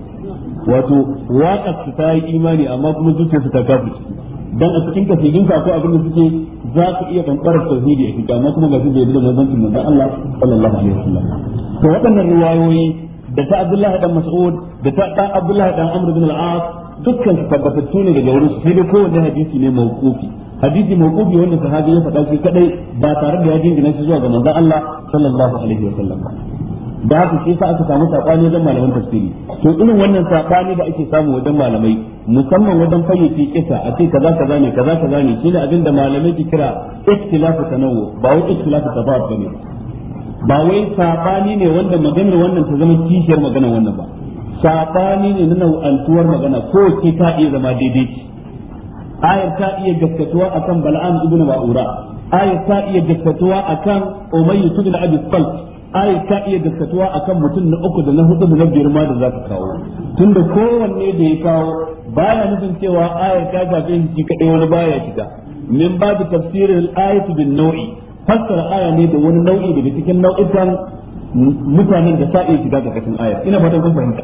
wato waƙar ta yi imani amma kuma zuciyarsu ta ciki dan a cikin kasidin ka ko abin da suke za ka iya bambarar tauhidi a cikin amma kuma ga su da yadda manzancin manzon Allah sallallahu alaihi wasallam to waɗannan riwayoyi da ta Abdullah dan Mas'ud da ta dan Abdullah dan Amr bin al-As dukkan su tabbatattu ne daga wurin sai dai kowanne hadisi ne mawqufi hadisi mawqufi wanda sahabi ya faɗa shi kadai ba tare da ya dingina shi zuwa ga manzon Allah sallallahu alaihi wasallam da haka shi yasa aka samu sabani wajen malaman tafsiri to irin wannan sabani da ake samu wajen malamai musamman wajen fayyace kisa a ce kaza kaza ne kaza kaza ne shine abin da malamai ke kira ikhtilafu tanawwu ba wai ikhtilafu tafawut bane ba wai sabani ne wanda maganar wannan ta zama kishiyar maganar wannan ba sabani ne na nau'antuwar magana ko ce ta iya zama daidai ayar ta iya gaskatuwa akan bala'an ibnu ba'ura ayar ta iya gaskatuwa akan umayyu ibn abi salt ayat ta iya gaskatuwa akan mutum na uku da na hudu da na biyar ma da za ka kawo tunda kowanne da ya kawo baya nufin cewa ayar ta zaɓe shi kaɗai wani baya shiga min babu tafsirin ayatu bin nau'i fassara aya ne da wani nau'i daga cikin nau'ikan mutanen da sa iya shiga karkashin aya ina fatan kun fahimta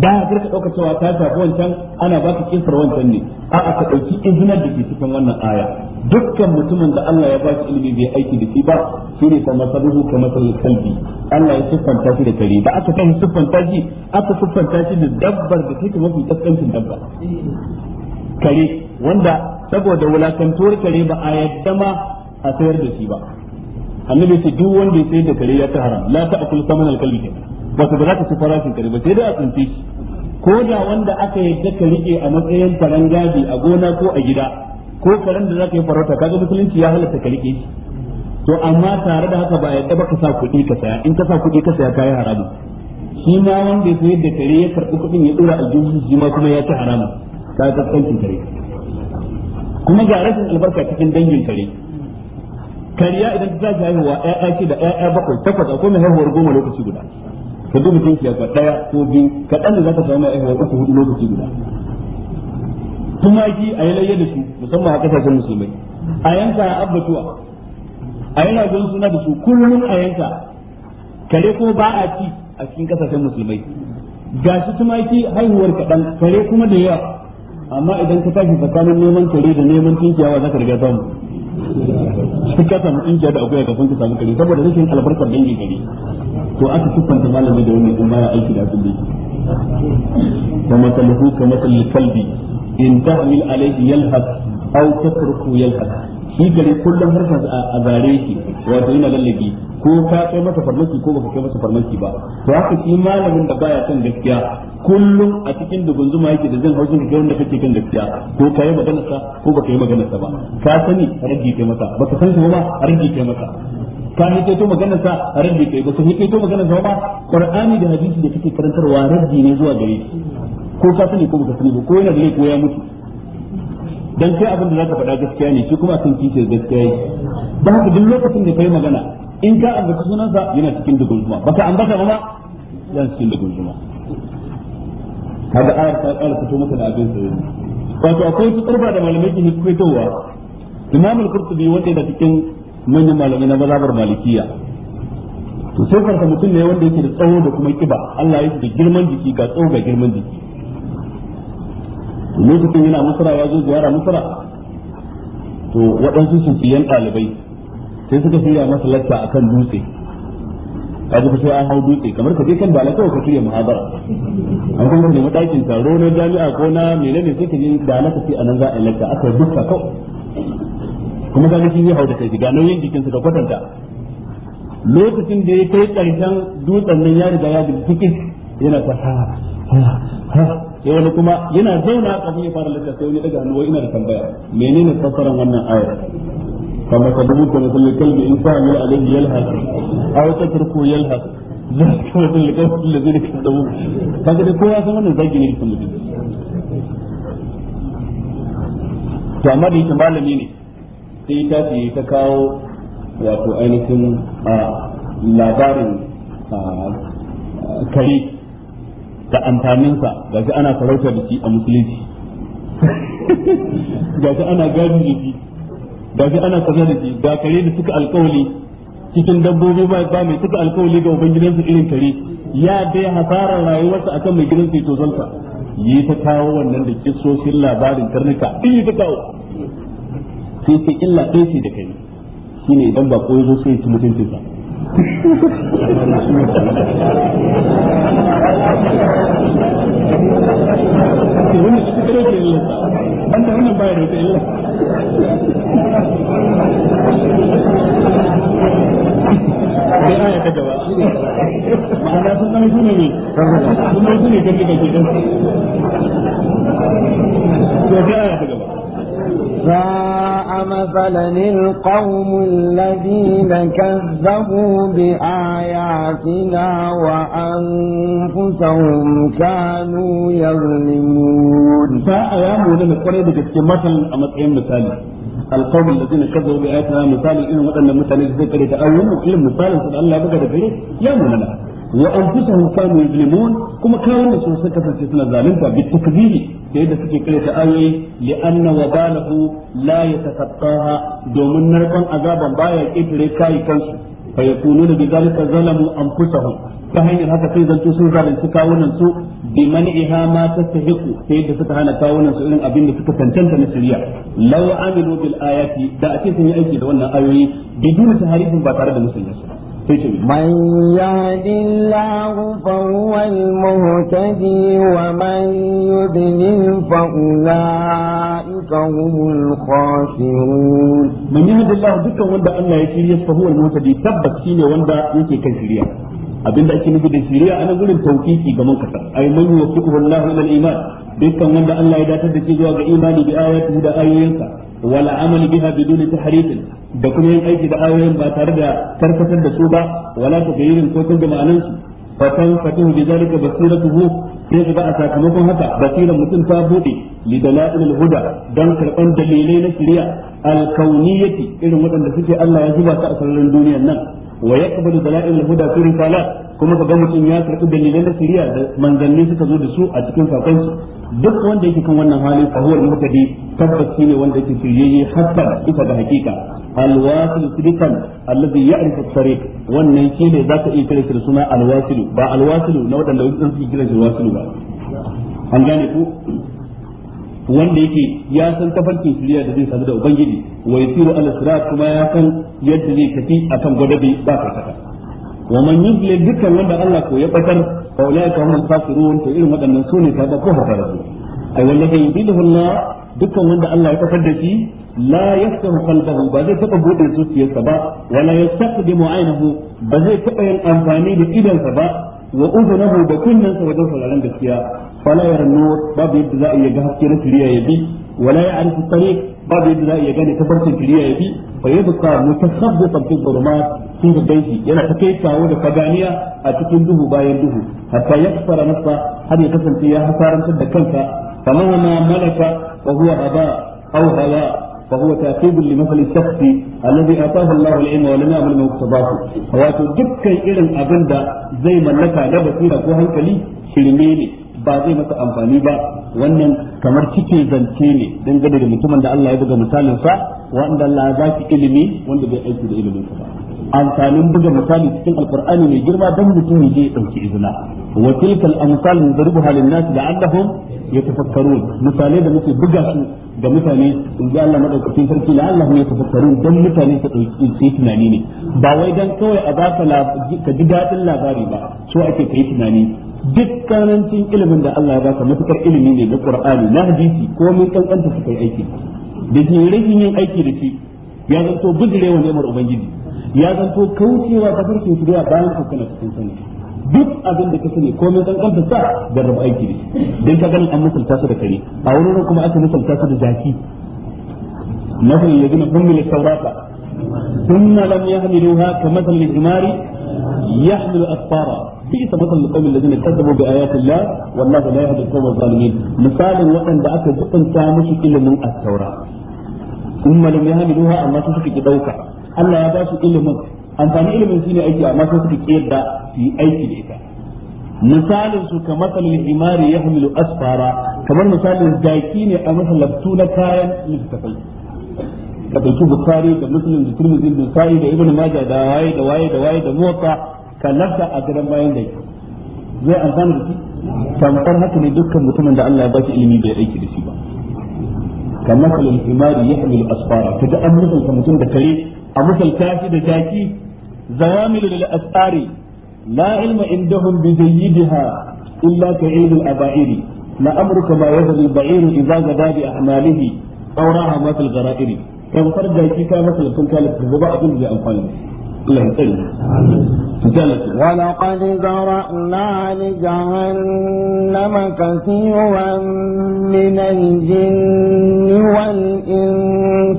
da ka rika dauka cewa ta shafi wancan ana baka kisar wancan ne a aka dauki izinar da ke cikin wannan aya dukkan mutumin da Allah ya baki ilimi bai aiki da shi ba ne fa sabuhu ka sabuhu kalbi Allah ya siffanta shi da kare ba aka kai siffanta shi aka siffanta shi da dabbar da take mafi kaskancin dabba kare wanda saboda wulakantuwar kare ba a yadda ma a sayar da shi ba annabi ce duk wanda ya sayar da kare ya ta haram la ta'kul saman al-kalbi ba su ba za su ci farashin kare ba sai dai a tsinci shi ko da wanda aka yadda ka rike a matsayin faran gadi a gona ko a gida ko faran da za ka yi farauta kaga musulunci ya halatta ka rike shi to amma tare da haka ba yadda ba ka sa kuɗi ka saya in ka sa kuɗi ka saya kayi haramu shi ma wanda ya sayar da kare ya karɓi kuɗin ya ɗora aljihu shi ma kuma ya ci haramu ka ga kare kuma ga rashin albarka cikin dangin kare kariya idan ta tashi haihuwa ƴaƴa da ƴaƴa bakwai takwas akwai mai haihuwar goma lokaci guda ka duba tunkiya ka ɗaya ko biyu kaɗan da za ka samu mai haihuwar uku hudu lokaci guda tumaki a yi layya da su musamman a ƙasashen musulmai a yanka a abbatuwa a yi ragon suna da su kullum a yanka kare ko ba a ci a cikin ƙasashen musulmai ga shi tumaki haihuwar kaɗan kare kuma da yawa amma idan ka tashi tsakanin neman kare da neman tunkiyawa za ka riga samu sai ka samu injiya da akwai kafin ka samu kare saboda rashin albarkar dangi gari to aka tuffanta malami da wani kuma ya aiki da abin da ko wa masaluhu ka masalil kalbi in tahmil alayhi yalhaq aw tatruku shi gari kullum har a zare shi wato yana lallabi ko ka kai masa farmaki ko baka kai masa farmaki ba to haka shi malamin da baya kan gaskiya kullum a cikin zuma yake da zan hausa kai wanda kake kan gaskiya ko ka yi magana sa ko baka yi magana sa ba ka sani rage kai masa baka san shi ba rage kai masa ka to magana sa rage kai ba ka to magana sa ba qur'ani da hadisi da kake karantarwa rage ne zuwa gare ko ka sani ko baka sani ba ko yana da ko ya mutu dan kai abin da zaka faɗa gaskiya ne shi kuma akan kike gaskiya yi dan haka duk lokacin da kai magana in ka ambaci sunansa yana cikin dugunzuma baka ambata ba ma yana cikin dugunzuma kaga ayar ta ƙara fito maka da abin da yanzu wato akwai su turba da malamai ke hikwaitowa imam al-qurtubi wanda da cikin manyan malamai na mazhabar malikiya to sai farka mutum ne wanda yake da tsawo da kuma kiba Allah ya da girman jiki ga tsawo ga girman jiki lokacin yana musara ya zo ziyara musara to waɗansu su fiyan ɗalibai sai suka shirya masa a kan dutse a ji sai an hau dutse kamar ka je kan dala kawai ka shirya muhabara an kuma ka nemi ɗakin taro na jami'a ko na menene sai ka je dala ka ce a nan za a yi latta aka duka kawai kuma ka ga shi zai hau da kai ga nauyin jikin su ka kwatanta lokacin da ya kai ƙarshen dutsen nan ya riga ya bi cikin yana ta ha sai wani kuma yana zauna kafin ya fara lakka sai wani daga hannu ina da tambaya menene fassarar wannan ayar Kamar ka dubu kana sallu kalbi in sa mu alaihi yalhas aw tatruku yalhas zaka mutum da kawai da zai ka dubu kaga dai kowa san wannan zagi ne da mutum to amma da yake malami ne sai ta ce ta kawo wato ainihin labarin kare da amfaninsa ga shi ana sarauta da shi a musulunci ga shi ana gadi da shi ga shi ana kaza da shi ga kare da suka alkawali cikin dabbobi ba mai suka alkawali ga su irin kare ya dai hasarar rayuwarsa akan mai gidansa ya tozalta yi ta kawo wannan da kisoshin labarin karnuka in yi ta kawo sai sai illa ɗaya ce da kai shine idan ba ko yazo sai ya ci mutuncinsa wani da ساء مثلا القوم الذين كذبوا بآياتنا وأنفسهم كانوا يظلمون ساء يا مولى القرية بكتير مثلا أمتعين مثالي القوم الذين كذبوا بآياتنا مثال إنهم مثلا مثال ذكر تأويل وكل مثال سبحان الله بقى يا مولانا wa anfusahum kanu yuzlimun kuma kawun su suka kasance suna zalunta bi takdiri da yadda suke kare ta ayoyi li anna wabalahu la yatafaqqaha domin narkon azaban baya kitire kai kansu fa yakununa bi zalika zalamu anfusahum ta hanyar haka sai zanto sun zalunci kawunan su bi man'iha ma tastahiqu ta yadda suka hana kawunan su irin abin da suka tantanta na shari'a law amilu bil ayati da ake sun yi aiki da wannan ayoyi bidun tahrifin ba tare da musulunci من يهد الله فهو المهتدي ومن يضلل فأولئك هم الخاسرون من يهد الله دكا وندا الله يكيريس فهو المهتدي تبت شيني وندا يكي كيريا abinda ake nufi da shiriya ana gurin tawfiki ga munkasa ay man yuwaffiquhu Allahu ila al-iman dukkan wanda Allah ya datar da shi zuwa ga imani bi ayatihi da ayoyinsa wala amal biha ta tahrifin da kuma yin aiki da ayoyin ba tare da karkatar da su ba wala tabayyin ko kun da ma'anan su fatan fatuhu bi zalika basiratuhu sai ka ga a sakamakon haka basiran mutum ta buɗe li dalail al huda dan karban dalilai na shari'a al kauniyyati irin waɗanda suke Allah ya zuba ta a sararin duniyar nan wa yaqbalu dala'il al-huda fi kuma ka ga mutum ya karɓi dalilan da siriya da manzanni suka zo da su a cikin sakon duk wanda yake kan wannan hali fa huwa al-muhtadi tabbas shine wanda yake shiryayye hatta ita ga hakika al-wasil sidikan alladhi ya'rifu at-tariq wannan shine zaka iya kira shi suna al-wasil ba al-wasil na wadanda wasu suke kira shi wasilu ba an gane ku wanda yake ya san tafarkin shirya da zai sadu da ubangiji wa yasiru ala sirat kuma ya san yadda zai tafi akan gwadabi ba karkata wa man yuzli dukkan wanda Allah ko ya batar fa ulaika humul khasirun to irin waɗannan sune ta ba ko hasara su ai wallahi yudiluhu Allah dukkan wanda Allah ya kafar da shi la yaftahu qalbahu ba zai taba bude zuciyarsa ba wala yastaqdimu aynahu ba zai taba yin amfani da idansa ba wa udunahu da sa wajen sauraron gaskiya Wala yara nur babu yadda za a iya ga haske na kiriya ya bi wala ya arifu tariq babu yadda za a iya gane tabarcin kiriya ya bi fa yabqa mutasabbiqan fi dhulumat sun ga gaiji yana ta kai kawo da faganiya a cikin duhu bayan duhu hatta yaksara har ya kasance ya hasarantar da kansa فمهما ملك وهو هباء أو هواء فهو تعقيب لمثل الشخص الذي أعطاه الله العلم ولم يعمل مقتضاه فواتو دكا إلى الأبندا زي ما لك لبسيرة وهنكلي شلميني ba zai masa amfani ba wannan kamar cike zance ne dangane da mutumin da Allah ya buga misalin sa wanda Allah ya ilimi wanda bai aiki da ilimin sa ba amfanin buga misali cikin alqur'ani mai girma dan mutum ya dauki izina wa tilkal amsal nadribuha lin nas la'allahum yatafakkarun misalai da muke buga su ga mutane in ji Allah madaukakin sarki la'allahum yatafakkarun dan mutane su dauki su tunani ne ba wai dan kawai a ka ji dadin labari ba so ake kai tunani duk karancin ilimin da Allah ya baka matukar ilimi ne na Qur'ani na hadisi ko mun kankanta su kai aiki da ke rage yin aiki da shi ya zanto bijire wa ne'mar ubangiji ya zanto kaucewa ta farkin su da bayan ku kana cikin sani duk abin da ka sani ko mun kankanta sa da rabu aiki da shi dan ka ganin an misalta su da kare a wurin kuma aka misalta su da jaki مثل الذين حملوا التوراة ثم لم يحملوها كمثل الحمار يحمل Asfara. bisa masal qawmin ladina bi zalimin misalin waɗanda aka gubanta musu ilimin at-taura umma amma su suke Allah ya ba su ilimin amfani ilimin aiki amma su suke su yi aiki da ita misalin su ka imari ya hamilu asfara kamar misalin jaki ne a masalabtu na kayan littafai ka ɗauki bukari da musulun da turmizin da sa'i da ibn majah da waye da waye da waye da kallarta a gadon bayan da zai amfana da shi tamkar haka ne dukkan mutumin da Allah ya ba shi ilimi bai aiki da shi ba kamar kalin himari ya hamilu asfara kaga an misalta mutum da kare a misalta shi da jaki zawamilu lil asfari la ilma indahum bi zayyidiha illa ka'id al aba'iri la amruka ma yadhli al ba'ir idza gada bi a'malihi aw raha ma fil ghara'iri kamar jaki ka misalta kalin ba abin da zai amfana da ولقد ذرأنا لجهنم كثيرا من الجن والإنس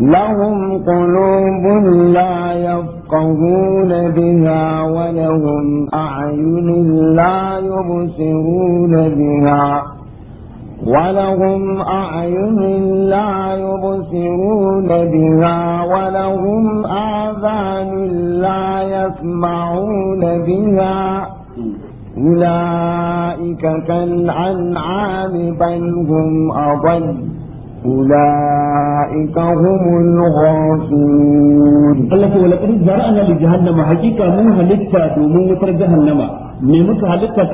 لهم قلوب لا يفقهون بها ولهم أعين لا يبصرون بها ولهم أعين لا يبصرون بها ولهم آذان لا يسمعون بها أولئك كالأنعام بل هم أضل أولئك هم الغافلون الله ولقد زرعنا لجهنم حقيقة من هلكتا دومون وتر جهنم من مك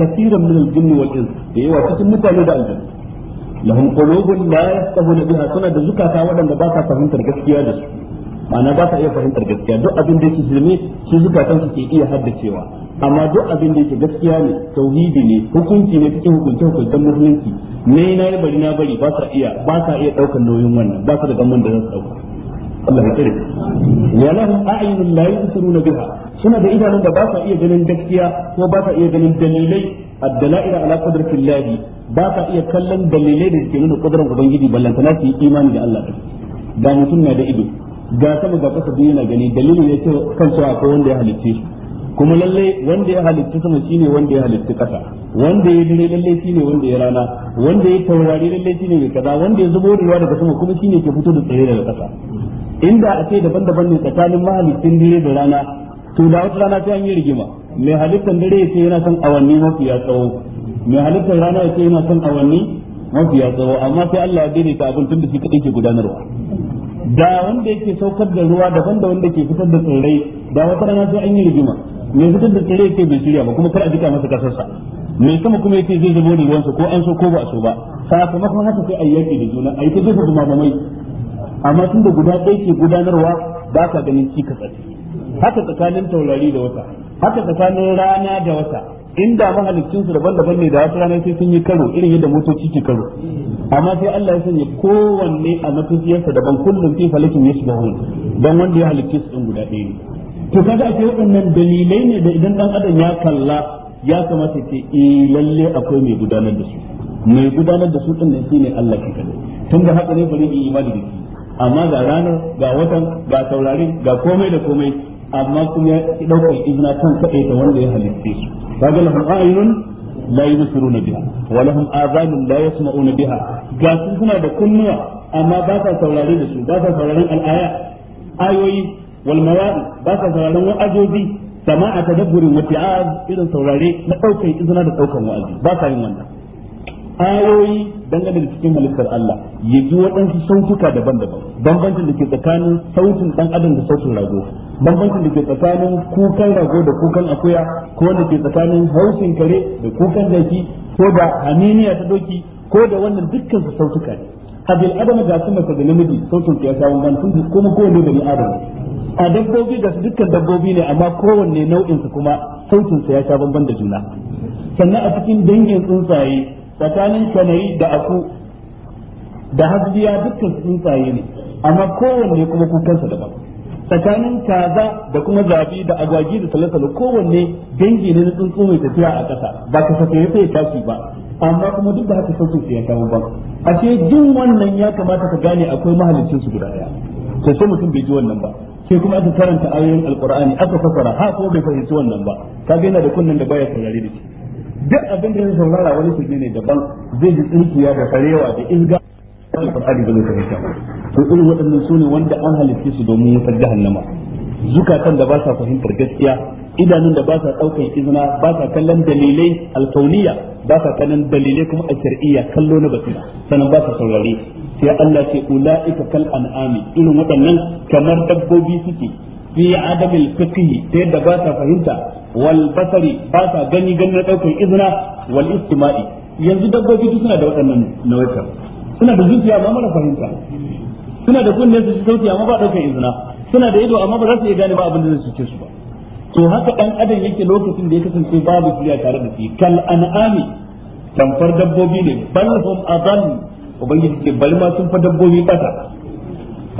كثيرا من الجن والإنس إيوا وقت متى الجن lahum qulubun la yafqahuna biha suna da zukata waɗanda ba sa fahimtar gaskiya da su ma'ana ba sa iya fahimtar gaskiya duk abin da yake shirme shi zukatan su ke iya haddacewa amma duk abin da yake gaskiya ne tauhidi ne hukunci ne cikin ko hukuncen musulunci ne na yi bari na bari ba sa iya ba sa iya daukar nauyin wannan ba sa da gamon da za su dauka Allah ya tsare wa lahum a'yunun la biha suna da idanun da ba sa iya ganin gaskiya ko ba sa iya ganin dalilai الدلائل على قدرة ba sa iya kallon dalilai da suke nuna kudurar ubangiji su yi imani da Allah ga mutum na da ido ga sama ga kasa duniya na gani dalilin ne ce kan cewa akwai wanda ya halitte kuma lalle wanda ya halitta sama shine wanda ya halitta kasa wanda ya dire lalle shine wanda ya rana wanda ya taurari lalle shine mai kaza wanda ya zubo ruwa daga sama kuma shine ke fito da tsaye daga kasa inda a ce daban-daban ne tsakanin mahalicin dare da rana to da wata rana ta yi rigima mai halittar dare ce yana son awanni mafiya tsawo mai halittar rana ce yana son awanni mafiya tsawo amma sai Allah ya daidaita abin tun da shi kadai ke gudanarwa da wanda yake saukar da ruwa daban da wanda ke fitar da tsirrai da wata rana sai an yi rigima mai fitar da tsirrai yake bai shirya ba kuma kar a jika masa kasarsa mai sama kuma yake zai zama ruwansa ko an so ko ba a so ba sakamakon haka sai ayyaki da juna ayi ta jefa dumamamai amma tun da guda ɗaya ke gudanarwa ba ka ganin ci ka tsaki haka tsakanin taurari da wata haka tsakanin rana da wata inda mahalicin su daban-daban ne da wata rana sai sun yi karo irin yadda motoci ke karo amma sai Allah ya sanya kowanne a matafiyarsa daban kullum fi falakin ya shiga hun Don wanda ya halicce su ɗin guda ɗaya ne to kaga ake waɗannan dalilai ne da idan dan adam ya kalla ya kamata ce lallai eh, lalle akwai mai gudanar da su mai gudanar da su ɗin nan shine Allah ke Tun da haka ne bari yi imani da shi amma ga ranar ga watan ga taurari ga komai da komai amma kuma ya ɗaukar izina kan kaɗai da wanda ya halitte su kaga lahum a'yunun la yubsiruna biha wa lahum adhanun la yasma'una biha ga su suna da kunnuwa amma ba sa saurare da su ba sa sauraren al'aya ayoyi wal mawa'i ba sa sauraren wa'azobi sama sama'a tadabburin wa ti'az irin saurare na ɗaukar izina da ɗaukan wa'azi ba sa yin wannan ayoyi dangane da cikin halittar Allah ya ji waɗansu sautuka daban-daban bambancin da ke tsakanin sautin ɗan adam da sautin rago bambancin da ke tsakanin kukan rago da kukan akuya ko da ke tsakanin hausin kare da kukan zaki ko da haminiya ta doki ko da wannan dukkan su sautuka ne a adam ga su mace da namiji sautin ya sha wannan sun kuma kowanne da ni adam a dabbobi ga su dukkan dabbobi ne amma kowanne nau'insa kuma sautinsa ya sha bambam da juna sannan a cikin dangin tsuntsaye tsakanin kanari da aku da hasbiya dukkan tsuntsaye ne amma kowanne kuma kukansa daban tsakanin kaza da kuma zabi da agwagi da talatalo kowanne dangi ne na tsuntsu mai tafiya a ƙasa ba ka sake ya tashi ba amma kuma duk da haka sautin su ya kawo ba ashe jin wannan ya kamata ka gane akwai mahalicin su guda daya to sai mutum bai ji wannan ba sai kuma aka karanta ayoyin alƙur'ani aka fasara ha ko bai fahimci wannan ba kaga yana da kunnen da baya saurare da shi duk abin da zai saurara wani kuje ne daban zai ji tsinkiya da farewa da izga alƙur'ani ba zai to irin waɗannan su ne wanda an halitta su domin wutar jahannama zukatan da ba sa fahimtar gaskiya idanun da ba sa ɗaukar izina ba sa kallon dalilai alkauniya ba sa kallon dalilai kuma a shar'iyya kallo na basira sannan ba sa saurare sai Allah ce ula'ika kal an'ami irin waɗannan kamar dabbobi suke fi adamil fiqhi ta yadda ba ta fahimta wal basari ba ta gani gani na daukar izina wal istima'i yanzu dabbobi suna da waɗannan nauyukan suna da zuciya amma mara fahimta suna da kunne su sauti amma ba daukar izina suna da ido amma ba za su iya gane ba abin da zai ce su ba to haka dan adam yake lokacin da ya kasance babu kiriya tare da shi kal an'ami tamfar dabbobi ne bal hum adan ubangiji ke bal ma sun fa dabbobi kata.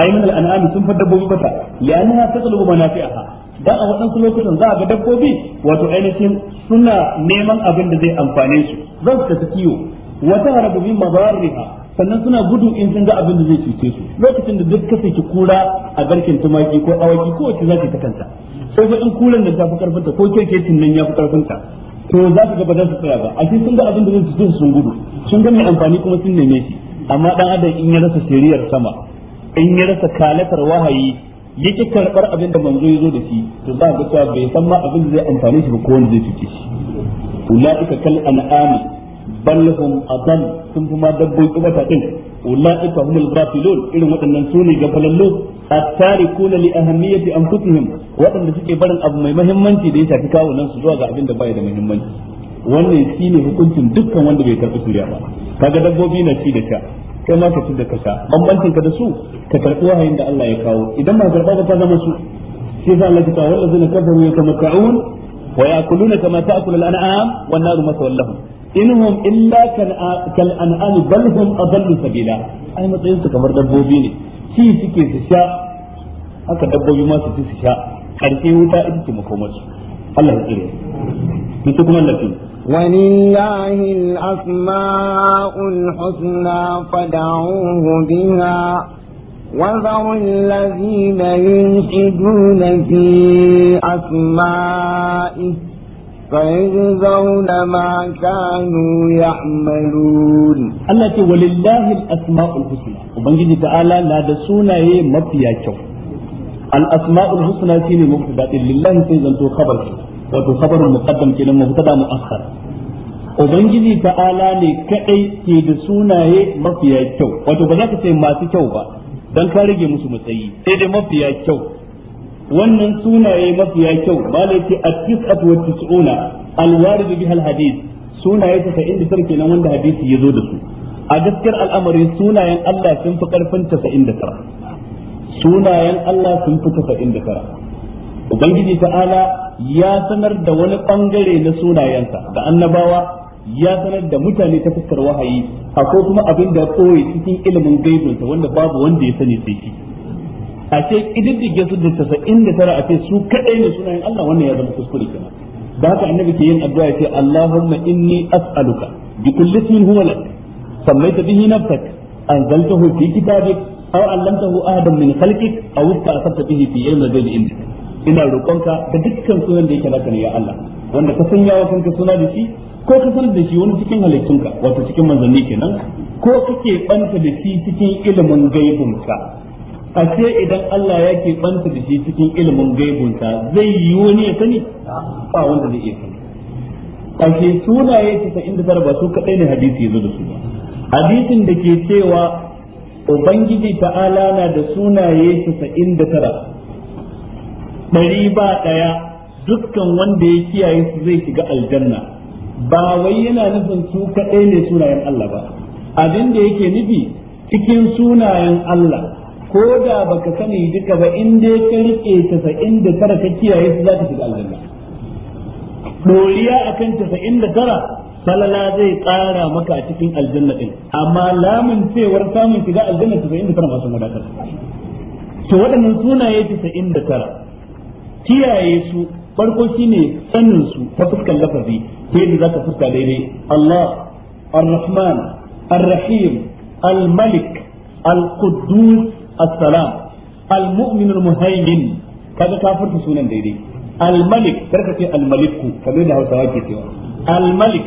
ai min al'anami sun fa dabbobi bata ta tatlubu manafi'aha dan a waɗansu lokutan za a ga dabbobi wato ainihin suna neman abin da zai amfane su zan su tafi kiwo wata harabu min madariha sannan suna gudu in sun ga abin da zai cuce su lokacin da duk kasa ki kura a garkin tumaki ko awaki ko wacce zaki ta kanta sai ga in kuran da ta fi karfin ta ko kirkecin nan ya fi karfin to za su ga ba za su tsaya ba a cikin sun ga abin da zai cuce su sun gudu sun ga mai amfani kuma sun neme shi amma dan adam in ya rasa shiriyar sama in ya rasa kalatar wahayi ya ki karɓar abin da manzo ya zo da shi to za ga cewa bai san ma abin da zai amfani shi ba ko wanda zai cuce shi ulaika kal an'ami bal hum adall sun kuma dabbobi bata din ulaika humul ghafilun irin waɗannan su ne gafalallu at-tarikuna li ahammiyati anfusihim waɗanda suke barin abu mai muhimmanci da ya shafi kawunan su zuwa ga abin da bai da muhimmanci wannan shine hukuncin dukkan wanda bai karɓi shari'a ba kaga dabbobi na ci da sha kai ma ka ci da ka sha bambancin ka da su ka karbi wahayin da Allah ya kawo idan ma karɓa ba ka zama su shi yasa Allah ya ce wallazina kafaru yatamatta'un wa ya'kuluna kama ta'kulu al-an'am wan naru masawal inhum illa kal an'am bal hum adallu sabila ai matsayin su kamar dabbobi ne shi suke su sha haka dabbobi ma su ci su sha karshe wuta ita ce makomar su Allah ya tsire mutu kuma lafiya ولله الأسماء الحسنى فدعوه بها وذروا الذين يلحدون في أسمائه فيجزون ما كانوا يعملون التي ولله الأسماء الحسنى وبنجي تعالى لا دسونا مفيا الأسماء الحسنى في مبتدأ لله سيزن خبر wato khabarun muqaddam kenan mubtada muakhar ubangiji ta'ala ne kadai ke da sunaye mafiya kyau wato ba za ka ce masu kyau ba dan ka rage musu matsayi sai dai mafiya kyau wannan sunaye mafiya kyau malaki at-tis'atu wa tis'una al-warid biha al-hadith sunaye ta 99 kenan wanda hadisi ya zo da su a gaskiyar al'amari sunayen Allah sun fi karfin 99 sunayen Allah sun fi 99 ubangiji ta'ala ya sanar da wani bangare na sunayensa da annabawa ya sanar da mutane ta fuskar wahayi akwai kuma abin da koyi cikin ilimin gaibinsa wanda babu wanda ya sani sai shi a ce kididdige su da tasa'in da tara a ce su kaɗai ne sunayen Allah wannan ya zama kuskure kenan da haka annabi ke yin addu'a ya ce Allahumma inni as'aluka bi kulli ismin huwa lak sammaita bihi nafsak anzaltahu fi kitabik aw allamtahu ahadan min khalqik aw ista'sarta bihi fi ilmi al-ghaibi ina roƙonka da dukkan sunan da yake naka ne ya Allah wanda ka san wa kanka suna da shi ko ka sanar da shi wani cikin halittunka wato cikin manzanni kenan ko kake banta da shi cikin ilimin gaibunka a ce idan Allah ya ke banta da shi cikin ilimin gaibunka zai yi wani ya sani ba wanda zai iya sani ƙarshe sunaye inda ba su kaɗai ne hadisi ya zo da su hadisin da ke cewa ubangiji ta'ala na da sunaye tara. ɗari ba ɗaya dukkan wanda ya kiyaye su zai shiga aljanna ba wai yana nufin su kaɗai ne sunayen Allah ba abin da yake nufi cikin sunayen Allah ko da baka sani duka ba in dai ka rike tasa'in da tara ka kiyaye su za ka shiga aljanna doriya akan tasa'in da tara salala zai ƙara maka a cikin aljanna ɗin amma lamun cewar samun shiga aljanna tasa'in da tara masu wadatar to waɗannan sunaye tasa'in da tara kiyaye su farko shine sanin su ta fuskar lafazi ta yadda zaka fuska daidai Allah Ar-Rahman Ar-Rahim Al-Malik Al-Quddus As-Salam Al-Mu'min Al-Muhaymin kaga ka furta sunan daidai Al-Malik karka ce Al-Malik kamar da Hausawa ke cewa Al-Malik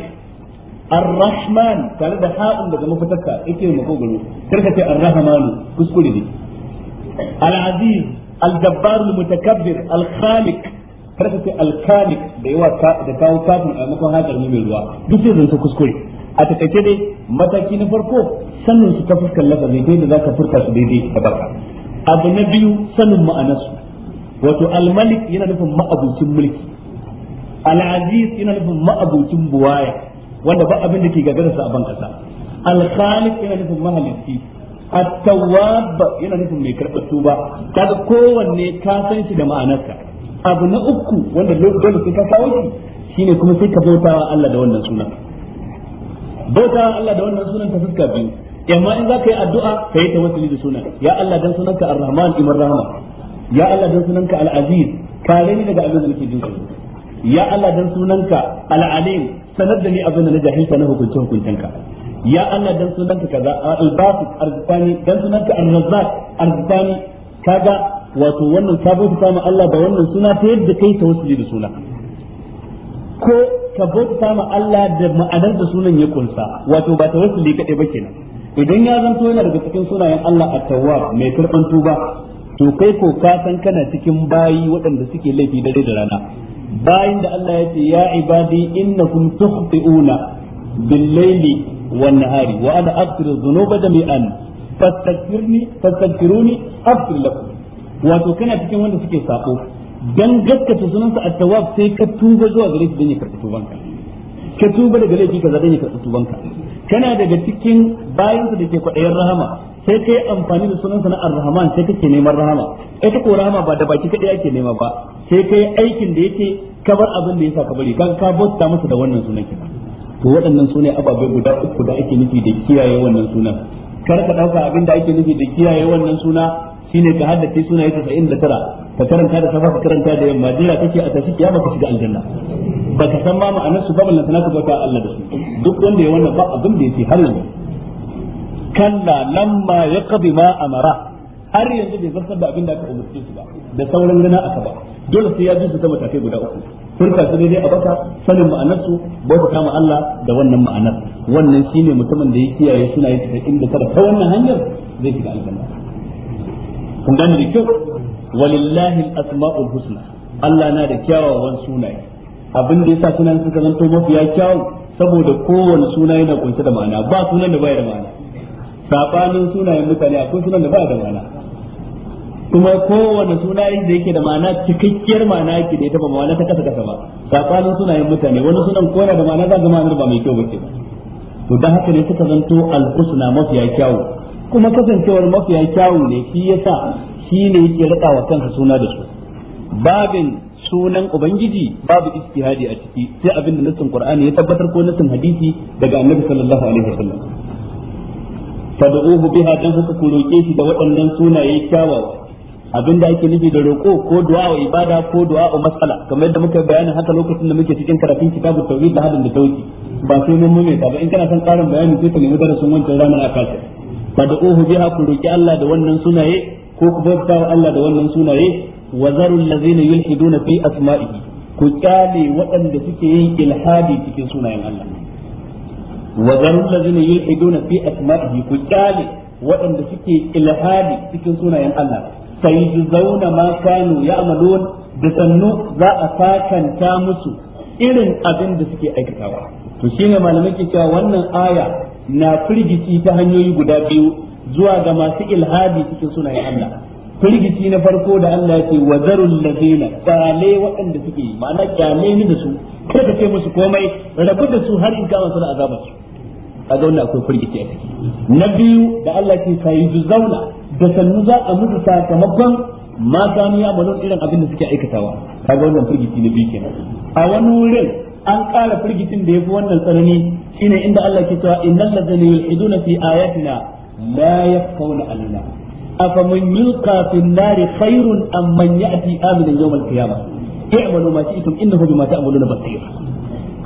Ar-Rahman tare da ha'un daga mafataka yake makogaro karka ce Ar-Rahmanu kuskure ne Al-Aziz الجبار المتكبر الخالق kada ka ce alkalik da yawa da kawo kafin a makon hajar ne mai ruwa duk sai zan kuskure a takaice dai mataki na farko sanin su ta fuskar lafazi dai da zaka furta su daidai da baka abu na biyu sanin ma'anarsu wato almalik yana nufin ma'abucin mulki al'aziz yana nufin ma'abucin buwaya wanda da ke gagararsa a ban kasa alkhalik yana nufin mahalicci at-tawwab yana nufin mai karɓar tuba kaga kowanne ka san shi da ma'anarsa abu na uku wanda dole sai ka kawo shi shine kuma sai ka bautawa Allah da wannan sunan bautawa Allah da wannan sunan ta fuska biyu amma in za ka yi addu'a ka yi tawassuli da sunan ya Allah dan sunanka ar-rahman imar rahma ya Allah dan sunanka al-aziz kare ni daga abin da nake jin ya Allah dan sunanka al-alim sanar da ni abin da na jahilta na hukuncin hukuncinka ya Allah dan sunanka kaza al-basit arzani dan sunanka ar-razzaq arzani kaga wato wannan sabon bauta sama Allah da wannan suna ta yadda kai tawassuli da suna ko ka bauta sama Allah da ma'anar da sunan ya kunsa wato ba tawassuli kadai ba kenan idan ya zanto yana daga cikin sunayen Allah at-tawwab mai karban tuba to kai ko ka san kana cikin bayi waɗanda suke laifi dare da rana bayin da Allah ya ce ya ibadi innakum tukhti'una bil-laili والنهار وأنا أغفر الذنوب جميعا فاستغفرني فاستغفروني أغفر لكم wato kana cikin wanda suke sako dan gaskata sunansa at-tawwab sai ka tuba zuwa gare shi dan ya karɓi tubanka ka tuba daga laifi kaza dan ya karɓi tubanka kana daga cikin bayansa da ke kwaɗayin rahama sai ka yi amfani da sunansa sana'ar rahman sai kake neman rahama ita ko rahama ba da baki kadai ake nema ba sai ka yi aikin da yake kabar abin da ya sa ka bari kaga ka bauta masa da wannan sunan kenan to waɗannan ne ababai guda uku da ake nufi da kiyaye wannan sunan kar ka ɗauka abin da ake nufi da kiyaye wannan suna shine ka haddace sunaye tara ka karanta da safa ka karanta da yamma jira kake a tashi kiyama ka shiga aljanna ba ka san ma ma'anar su ba ballan tana ka bauta Allah da su duk wanda ya wannan ba abin da yake har yanzu kalla lamma yaqdi ma amara har yanzu bai zartar da abin da aka umurce su ba da sauran rana aka ba dole sai ya ji su ta matakai guda uku furta su daidai a baka sanin ma'anarsu bauta kama Allah da wannan ma'anar wannan shine mutumin da ya kiyaye suna yin ta inda kada ta wannan hanyar zai shiga aljanna kun gane da kyau walillahi al-asma'ul husna Allah na da kyawawan sunaye abin da yasa sunan suka zanto mafiya kyawu saboda kowane suna yana kunshe da ma'ana ba sunan da baya da ma'ana sabanin sunayen mutane akwai sunan da baya da ma'ana kuma kowane suna da yake da ma'ana cikakkiyar ma'ana yake da ita ba ma'ana ta kasa kasa ba sabanin sunayen mutane wani sunan kona da ma'ana za zama ma'anar ba mai kyau ba ce to dan haka ne suka zanto al-husna mafiya kyawu kuma kasancewar mafiya kyawu ne shi yasa shi ne yake rika wa kansa suna da su babin sunan ubangiji babu istihadi a ciki sai abin da nassin qur'ani ya tabbatar ko nassin hadisi daga annabi sallallahu alaihi wasallam fad'uhu biha dan haka ku roke shi da waɗannan sunaye kyawawa da ake nufi da roƙo ko du'a wa ibada ko du'a wa mas'ala kamar yadda muka bayani haka lokacin da muke cikin karatun kitabut tauhid da hadin da tauhid ba sai mun mume ba in kana son ƙarin bayani sai ka nemi darasin wancan ranar akasa biha ku roki Allah da wannan sunaye ko ku bauta wa Allah da wannan sunaye wa zarul ladzina yulhiduna fi asma'ihi ku kyale waɗanda suke yin ilhadi cikin sunayen Allah wa zarul ladzina yulhiduna fi asma'ihi ku kyale waɗanda suke ilhadi cikin sunayen Allah sayajzauna ma kanu ya'malun da sannu za a sakanta musu irin abin da suke aikatawa to shine malamai ke cewa wannan aya na firgici ta hanyoyi guda biyu zuwa ga masu ilhadi cikin sunayen Allah firgici na farko da Allah ya ce wa zarul ladina waɗanda suke ma'ana kyale ni da su kada ka musu komai rabu da su har in kama su da azabar su kaga wannan akwai firgici a ciki na biyu da Allah ke sai zauna da sannu za a mutu sakamakon ma kanu ya irin abin da suke aikatawa kaga wannan firgici na biyu kenan a wani wurin an ƙara firgicin da yafi wannan tsanani shine inda Allah ke cewa innal ladzina yulhiduna fi ayatina la yafqawna anna afaman yulqa fi an-nari khairun am man ya'ti aminan yawm qiyamah i'malu ma shi'tum innahu bima ta'maluna basir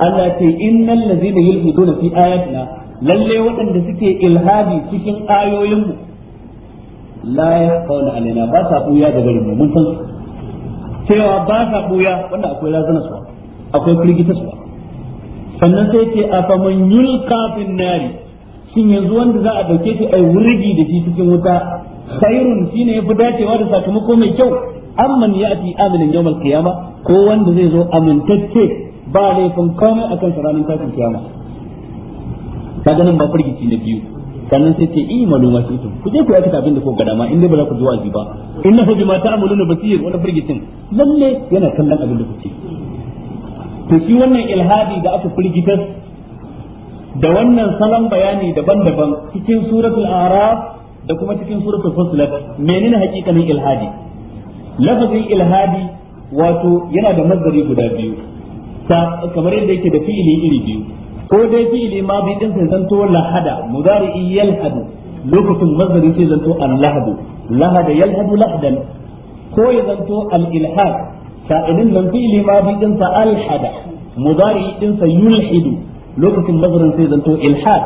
Allah ce innal ladzina yulhiduna fi ayatina lalle waɗanda suke ilhadi cikin ayoyinmu la yaqawna alaina ba sa buya da garin mun san cewa ba sa buya wanda akwai razana su akwai firgita su sannan sai ce a afaman yul kafin nari shin yanzu wanda za a dauke shi a wurgi da shi cikin wuta khairun shine fi dacewa da sakamako mai kyau amman fi amilin yau Kiyama ko wanda zai zo amintacce ba laifin komai akan ranar tashin kiyama Ka ganin ba firgici na biyu sannan sai ce i maluma shi tun ku je ku aikata abin da ko gada ma in dai ba za ku ji in ba inna hu bima ta'maluna basir wani firgicin lalle yana kallon abin da ce. to shi wannan ilhadi da aka firgitar da wannan salon bayani daban-daban cikin suratul araf da kuma cikin suratul fusilat menene hakikanin ilhadi lafazin ilhadi wato yana da mazari guda biyu kamar yadda yake da fi'ili iri biyu ko dai fi'ili ma bi din sai zanto lahada mudari'i yalhadu lokacin mazari sai zanto al-lahadu lahada yalhadu lahadan ko ya zanto al-ilhad sa'idin nan fi'ili ma bi din sa al-hada mudari'i din sa yulhidu lokacin mazarin sai zanto ilhad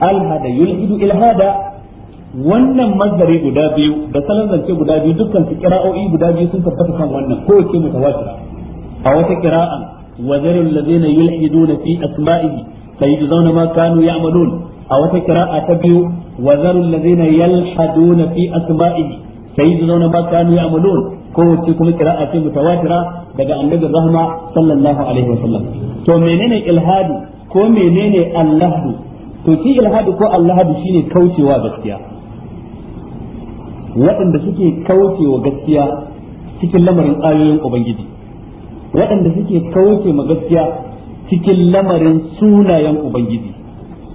al-hada yulhidu ilhada wannan mazari guda biyu da salon zance guda biyu dukkan su kira'o'i guda biyu sun tabbata kan wannan ko ke mutawatira a wata kira'an وذروا الذين يلحدون في أسمائه سيجزون ما كانوا يعملون أو تكراء تبيو وذروا الذين يلحدون في أسمائه سيجزون ما كانوا يعملون kowace kuma kira'a ce mutawatira daga annabi rahma sallallahu alaihi wasallam to menene ilhadu ko menene allahdu to shi ilhadu ko allahdu shine kaucewa gaskiya waɗanda suke kaucewa gaskiya cikin lamarin ayoyin ubangiji waɗanda suke kauce ma gaskiya cikin lamarin sunayen ubangiji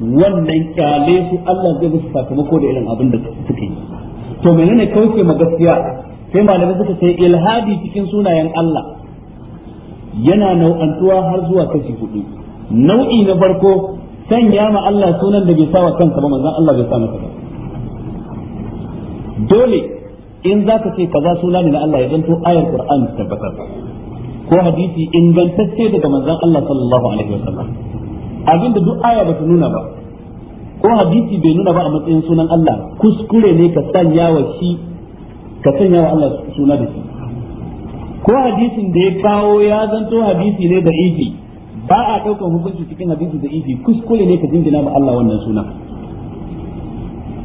wannan kyale su Allah zai musu sakamako da irin abin da suka yi to menene kauce ma gaskiya sai malamai suka ce ilhadi cikin sunayen Allah yana nau'antuwa har zuwa kashi hudu nau'i na farko sanya ma Allah sunan da bai sawa kansa ba manzon Allah bai sa masa ba dole in zaka ce kaza suna ne na Allah ya zanto ayar Qur'ani tabbatar ko hadisi ingantacce daga manzon Allah sallallahu alaihi wasallam abinda duk aya ba ta nuna ba ko hadisi bai nuna ba a matsayin sunan Allah kuskure ne ka sanya wa shi ka sanya wa Allah suna da shi ko hadisin da ya kawo ya zanto hadisi ne da ifi ba a daukan hukunci cikin hadisi da ifi kuskure ne ka jingina ba Allah wannan suna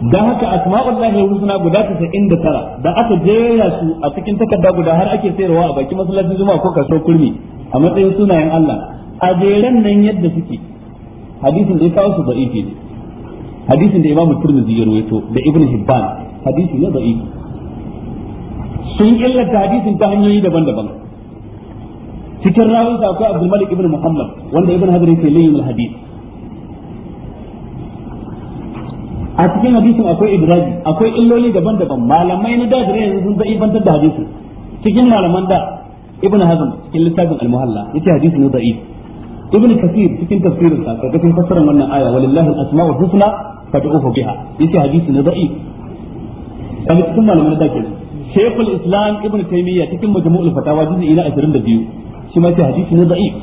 dan haka lahi husna guda 99 da aka jera su a cikin takarda guda har ake sayarwa a bakin masallacin juma'a ko kaso kurmi a matsayin sunayen Allah a jeran nan yadda suke hadisin da ya kawo su da'ifi ne hadisin da imamu Tirmidhi ya rawaito da Ibn Hibban hadisi ne da'ifi sun illata hadisin ta hanyoyi daban-daban cikin sa akwai Abdul Malik ibn Muhammad wanda Ibn Hajar yake layyin hadisi a cikin hadisin akwai idraji akwai illoli daban-daban malamai na da yanzu sun za'i za'ibantar da hadisin cikin malaman da ibn hazm cikin littafin al-muhalla yace hadisi ne da'if ibn kathir cikin tafsirin sa karkashin fassarar wannan aya walillahi al-asma'ul husna fad'uhu biha yace hadisi ne da'if kaga cikin malaman da ke shaykhul islam ibn taymiyyah cikin majmu'ul fatawa juz'i na 22 shi ma yace hadisi ne da'if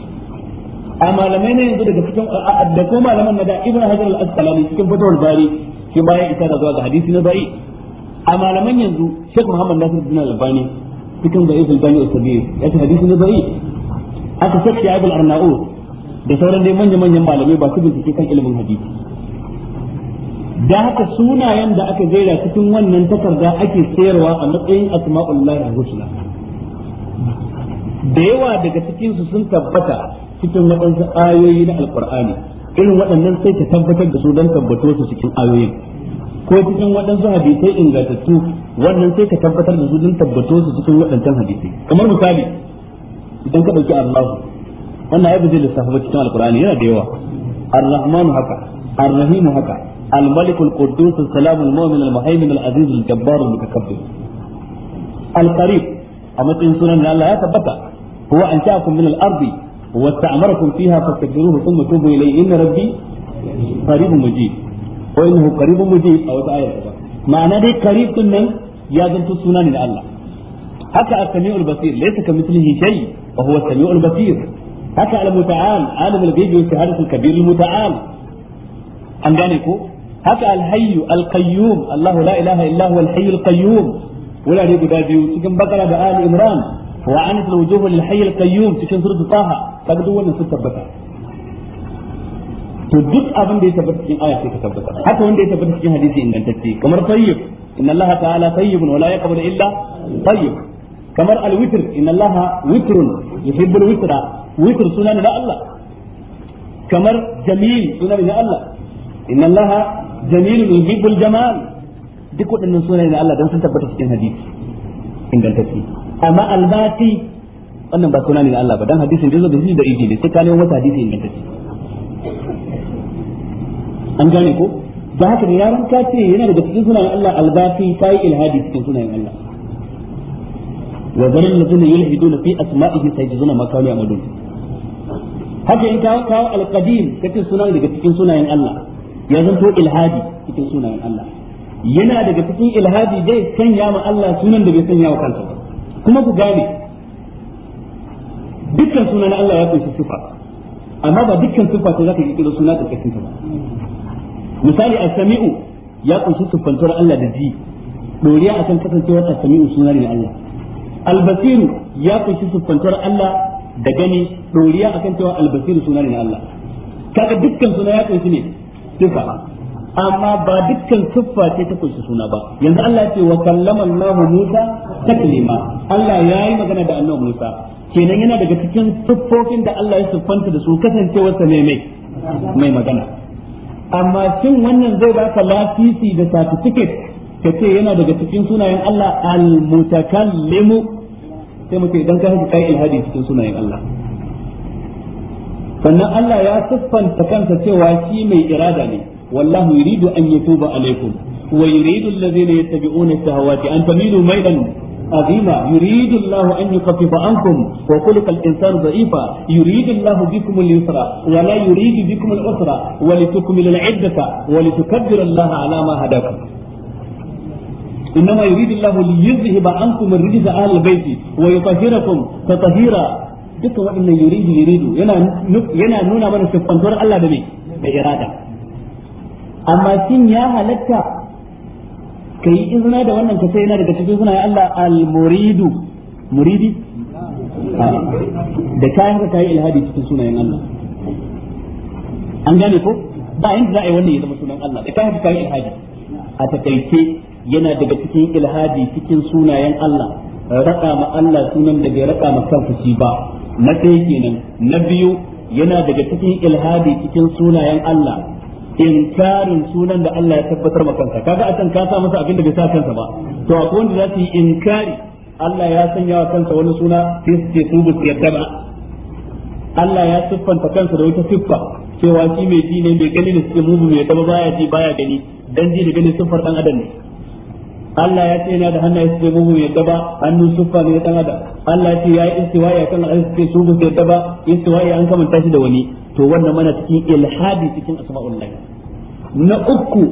a malamai ne yanzu daga cikin da ko malaman na da ibn hajar al-asqalani cikin fatawar bari shi baya isa da zuwa ga hadisi na bari a malaman yanzu Sheikh Muhammad Nasir bin Albani cikin da Ibn Bani Usabi ya ce hadisi na bari aka sake ya ibn arnaud da sauran dai manyan manyan malamai ba su bincike kan ilimin hadisi da haka sunayen da aka jera cikin wannan takarda ake sayarwa a matsayin asma'ullahi husna da yawa daga cikinsu sun tabbata cikin waɗansu ayoyi na alkur'ani irin waɗannan sai ta tabbatar da su don tabbato su cikin ayoyin ko cikin waɗansu hadisai ingantattu wannan sai ka tabbatar da su don tabbato su cikin waɗancan hadisai kamar misali idan ka ɗauki Allahu wannan ayat zai lissafa ba cikin alkur'ani yana da yawa ar-rahmanu haka ar-rahimu haka al-malik al-quddus as-salam al-mu'min al-muhaymin al-aziz al-jabbar al-mutakabbir al-qarib a matsayin sunan da Allah ya tabbata huwa an sha'akum min al-ardi واستعمركم فيها فاستكبروه ثم توبوا اليه ان ربي قريب مجيب وانه قريب مجيب او ايه معنى دي قريب كنن يا زنتو سنان الله هكا السميع البصير ليس كمثله شيء وهو السميع البصير هكا المتعال عالم الغيب والشهادة الكبير المتعال an gane ko haka alhayyu alqayyum Allahu la ilaha illa huwa alhayyu alqayyum wurare guda biyu cikin bakara da ali imran wa yi alwujuh lil hayy alqayyum cikin suratul taha kaga duk wannan sun tabbata to duk abin da ya tabbata cikin aya sai ka tabbata haka wanda ya tabbata cikin hadisi ingantacce kamar tayyib inna allaha ta'ala tayyibun wa la yaqbalu illa tayyib kamar alwitr inna allaha witrun yuhibbul witra witr sunan na Allah kamar jamil sunan na Allah inna allaha jamilun yuhibbul jamal duk waɗannan sunaye na Allah dan sun tabbata cikin hadisi ingantacce amma albati wannan ba suna ne na Allah ba dan hadisin da zai da iji ne sai ka nemo mata hadisi ingantacce an gane ko da haka ne yaron ka ce yana daga cikin sunayen Allah albati ta yi ilhadi cikin sunayen Allah wa zarin lazina na fi asma'ihi sayajzuna ma kanu yamalun haka in kawo kawo alqadim kace sunan daga cikin sunayen Allah ya zanto ilhadi cikin sunayen Allah yana daga cikin ilhadi dai sanya ma Allah sunan da bai sanya wa kansa ba kuma ku gane dukkan suna na Allah ya kunshi sufa amma ba dukkan sifa ce za ka kirkiro suna ta cikin ta ba misali as-sami'u ya kunshi sifantuwar Allah da ji doriya akan kasancewar as-sami'u suna ne na Allah al-basiru ya kunshi sifantuwar Allah da gani doriya akan cewa al-basiru suna ne na Allah kaga dukkan suna ya kunshi ne sufa amma ba dukkan sufa ce ta kunshi suna ba yanzu Allah ya ce wa kallama Allahu Musa taklima Allah ya yi magana da annabi Musa kenan yana daga cikin siffofin da Allah ya siffanta da su kasancewarsa ne mai mai magana amma shin wannan zai ba ka lafisi da certificate ka ce yana daga cikin sunayen Allah al-mutakallimu sai mu ce idan ka haɗa ilhadi cikin sunayen Allah sannan Allah ya siffanta kansa cewa shi mai irada ne wallahu yuridu an yatuba alaikum wa yuridu alladhina yattabi'una ash-shahawati an tamilu mailan عظيما يريد الله أن يخفف عنكم وخلق الإنسان ضعيفا يريد الله بكم اليسر ولا يريد بكم العسر ولتكمل العدة ولتكبر الله على ما هداكم إنما يريد الله ليذهب عنكم الرجس أهل البيت ويطهركم تطهيرا duka waɗannan yuridu yuridu yana nuna mana siffantuwar Allah da mai da irada amma shin ya halatta Ka yi izina da wannan ka sai yana daga cikin sunayen Allah al-muridu muridi ah. da kai haka yi ilhadi cikin sunayen Allah an gane ko ba inda za a yi wannan ya zama sunan Allah da kai haka kai ilhadi a takaice yana daga cikin ilhadi cikin sunayen Allah raka ma Allah sunan da bai raka ma kanku shi ba na ɗaya kenan na biyu yana daga cikin ilhadi cikin sunayen Allah inkarin sunan da Allah ya tabbatar maka kansa kaga a can ka sa masa abin da bai sa kansa ba to akwai wanda za su yi inkari Allah ya sanya wa kansa wani suna sai su ce su bu yadda ba Allah ya siffanta kansa da wata siffa cewa shi mai ji ne mai gani da suke mu mai yadda ba baya ji baya gani dan ji da gani siffar dan adam ne Allah ya ce yana da hannaye suke mu mai yadda ba hannu siffa ne dan adam Allah ya ce ya yi kan akan suke su bu yadda ba istiwa'i an kamanta shi da wani to wannan mana cikin ilhadi cikin asma'ul lahi na uku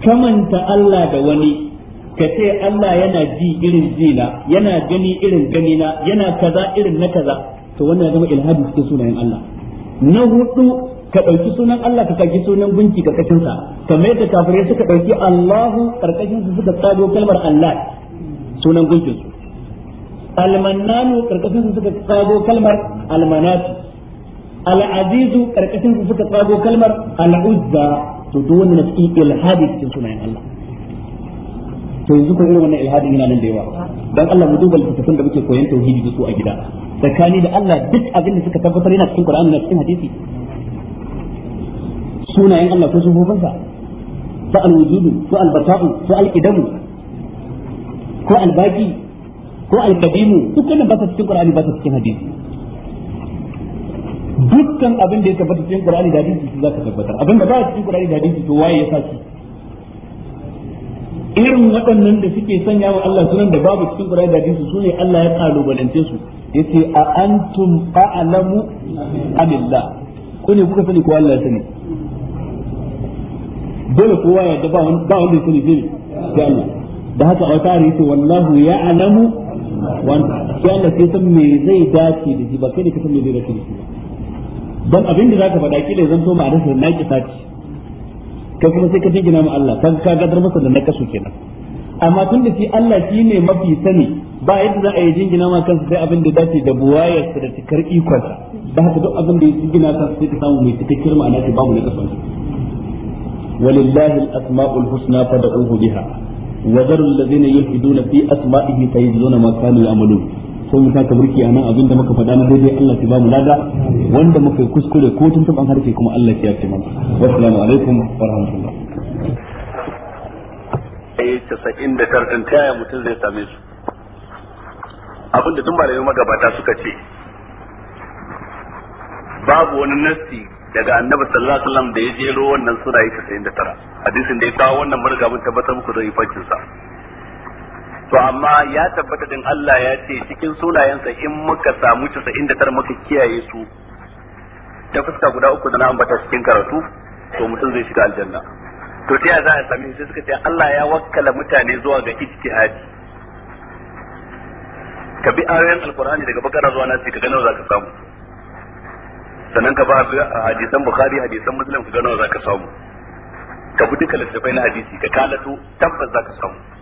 kamanta Allah da wani ka ce Allah yana ji irin jina yana gani irin ganina yana kaza irin na kaza to wannan ya zama ilhadi cikin sunayen Allah na hudu ka ɗauki sunan Allah ka kaki sunan gunki karkashin sa kamar yadda kafirai suka ɗauki Allahu karkashin su suka tsago kalmar Allah sunan gunkin su almannanu karkashin su suka tsago kalmar almanat al'azizu karkashin su suka tsago kalmar al'uzza to duk wannan cikin ilhadi cikin sunayen Allah to yanzu ko irin wannan ilhadin yana nan da yawa dan Allah mu duba littattafan da muke koyon tauhidi da su a gida tsakani da Allah duk abin da suka tabbatar yana cikin Qur'ani na cikin hadisi sunayen Allah ko sufofinsa fa al-wujudu ko al-bata'u ko al-qidamu ko al-baqi ko al-qadimu duk wannan ba su cikin Qur'ani ba su cikin hadisi dukkan abin da ya tabbata cikin Qur'ani da hadisi su zaka tabbatar abin da ba cikin Qur'ani da hadisi to waye ya sa shi irin waɗannan da suke sanya wa Allah sunan da babu cikin Qur'ani da hadisi sune Allah ya kalubalance su yace a antum a'lamu amilla ko ne kuka sani ko Allah ya sani dole kowa ya da ba wanda ya sani sai Allah da haka a wata yace wallahu ya'lamu ya anta sai Allah sai san me zai dace da shi ba kai ne ka san me zai dace da shi ba don abin da za ka faɗa kila zan to ma'anar sa na kisa ce kai kuma sai ka jingina ma Allah kan ka gadar masa da na kasu kenan amma tun da shi Allah shi ne mafi sani ba yadda za a yi jingina ma kansa sai abin da dace da buwayar sa da cikar ikon sa da haka duk abin da ya jingina kansa sai ka samu mai cikakkiyar ma'ana ce babu na kasu ولله الأسماء الحسنى فادعوه بها وذروا الذين يلحدون في أسمائه فيجزون ما كانوا يعملون ko mu taka burki anan abinda muka faɗa na daidai Allah ya ba mu lada wanda muka yi kuskure ko tun taban harshe kuma Allah ya yafe mana wassalamu alaikum wa rahmatullah ai 99 din taya mutum zai same su abinda duk malamai magabata suka ce babu wani nasi daga annabi sallallahu alaihi wasallam da ya jero wannan sura tara hadisin da ya kawo wannan marga tabbatar muku da ifakin sa to amma ya tabbata din Allah ya ce cikin sunayensa in muka samu inda tar muka kiyaye su ta fuska guda uku da na ambata cikin karatu to mutum zai shiga aljanna to ta za a sami sai suka ce Allah ya wakkala mutane zuwa ga ijtihadi ka bi ayoyin alqur'ani daga bakara zuwa nasi ka ga nawa zaka samu sannan ka ba hadisan bukhari hadisan muslim ka ga nawa zaka samu ka bi duka littafai na hadisi ka kalato tabbas zaka samu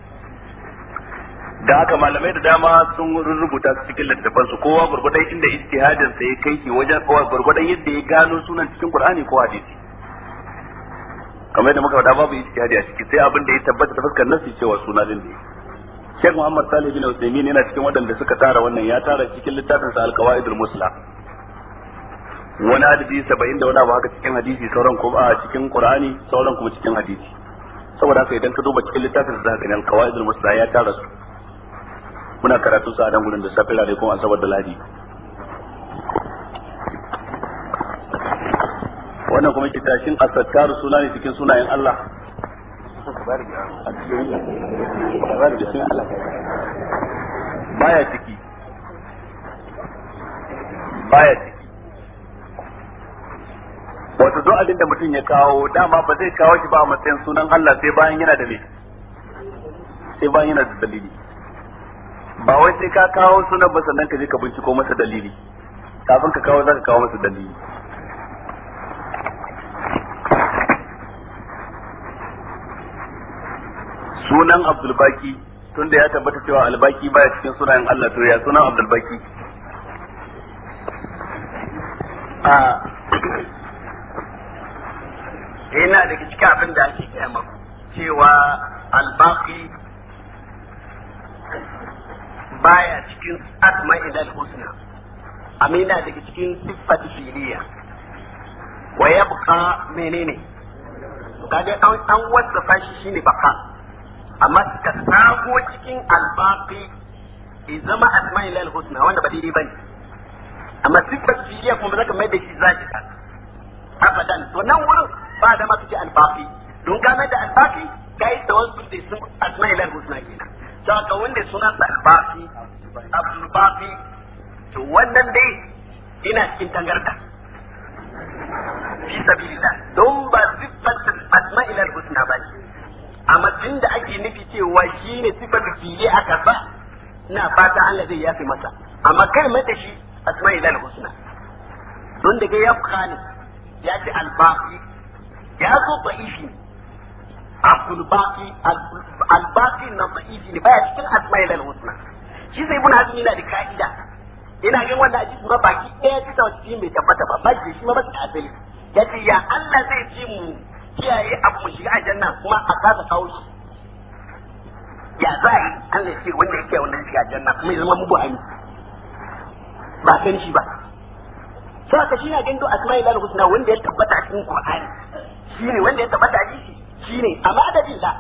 da haka malamai da dama sun rubuta su cikin littafan su kowa gurgurdan inda ijtihadin sa ya kai ki wajen kowa gurgurdan yadda ya gano sunan cikin Qur'ani ko hadisi kamar yadda muka faɗa babu ijtihadi a ciki sai abin da ya tabbata ta fuskar nasu cewa suna din ne Sheikh Muhammad Salih bin Uthaymeen yana cikin waɗanda suka tara wannan ya tara cikin littafin sa Al-Qawaidul Musla wani adadi saba'in da wani abu haka cikin hadisi sauran kuma a cikin Qur'ani sauran kuma cikin hadisi saboda haka idan ka duba cikin littafin sa Al-Qawaidul Musla ya tara su muna karatu sa nan gurin da safila da kuma asabar da ladi wannan kuma ke tashin asattar suna ne cikin sunayen Allah baya ciki baya ciki wato duk abin da mutum ya kawo dama ba zai kawo shi ba a matsayin sunan Allah sai bayan yana da ne sai bayan yana da dalili ba wai sai ka kawo sunan ba sannan ka je ka binciko masa dalili kafin ka kawo zaka kawo masa dalili sunan abdulbaki tunda ya tabbata cewa albaki baya cikin sunayen Allah to ya sunan abdulbaki a yana daga cikin abin da ake maku? cewa albaki baya cikin asma'idal husna amina yana daga cikin siffat filiya wa yabqa menene kaga an an wasafa shi shine baka amma ka sago cikin albaqi izama asma'idal husna wanda ba dai bane amma siffat filiya kuma zaka mai da shi zaki ka abadan to nan wurin ba da ma kake albaqi don ga mai da albaqi kai da wasu da sun asma'idal husna kina Ka wanda suna sa albafi abdulbafi to wannan dai ina cikin tangarda fi sabilillah don ba sifatul asma'il al-husna ba ke. amma tunda ake nufi cewa shine sifatul fiye a karba na fata Allah zai yafi masa amma kar mata shi asma'il al-husna don daga ya fani ya ce albafi ya zo ba ishi abdul Baki al Baki na fa'ifi ne baya cikin asma'il al husna shi sai ibn hazmi yana da ka'ida ina ganin wanda aji kuma baki ɗaya ta tawa cikin bai tabbata ba ba shi ma ba ta asali yace ya Allah zai ci mu kiyaye abu mu shiga janna kuma a kasa kawo shi ya za a yi Allah ya ce wanda yake wannan shiga janna kuma ya zama mu buhari ba san shi ba sai ka shi na ganin asma'il al husna wanda ya tabbata cikin qur'ani shi ne wanda ya tabbata a jiki ne a madadin da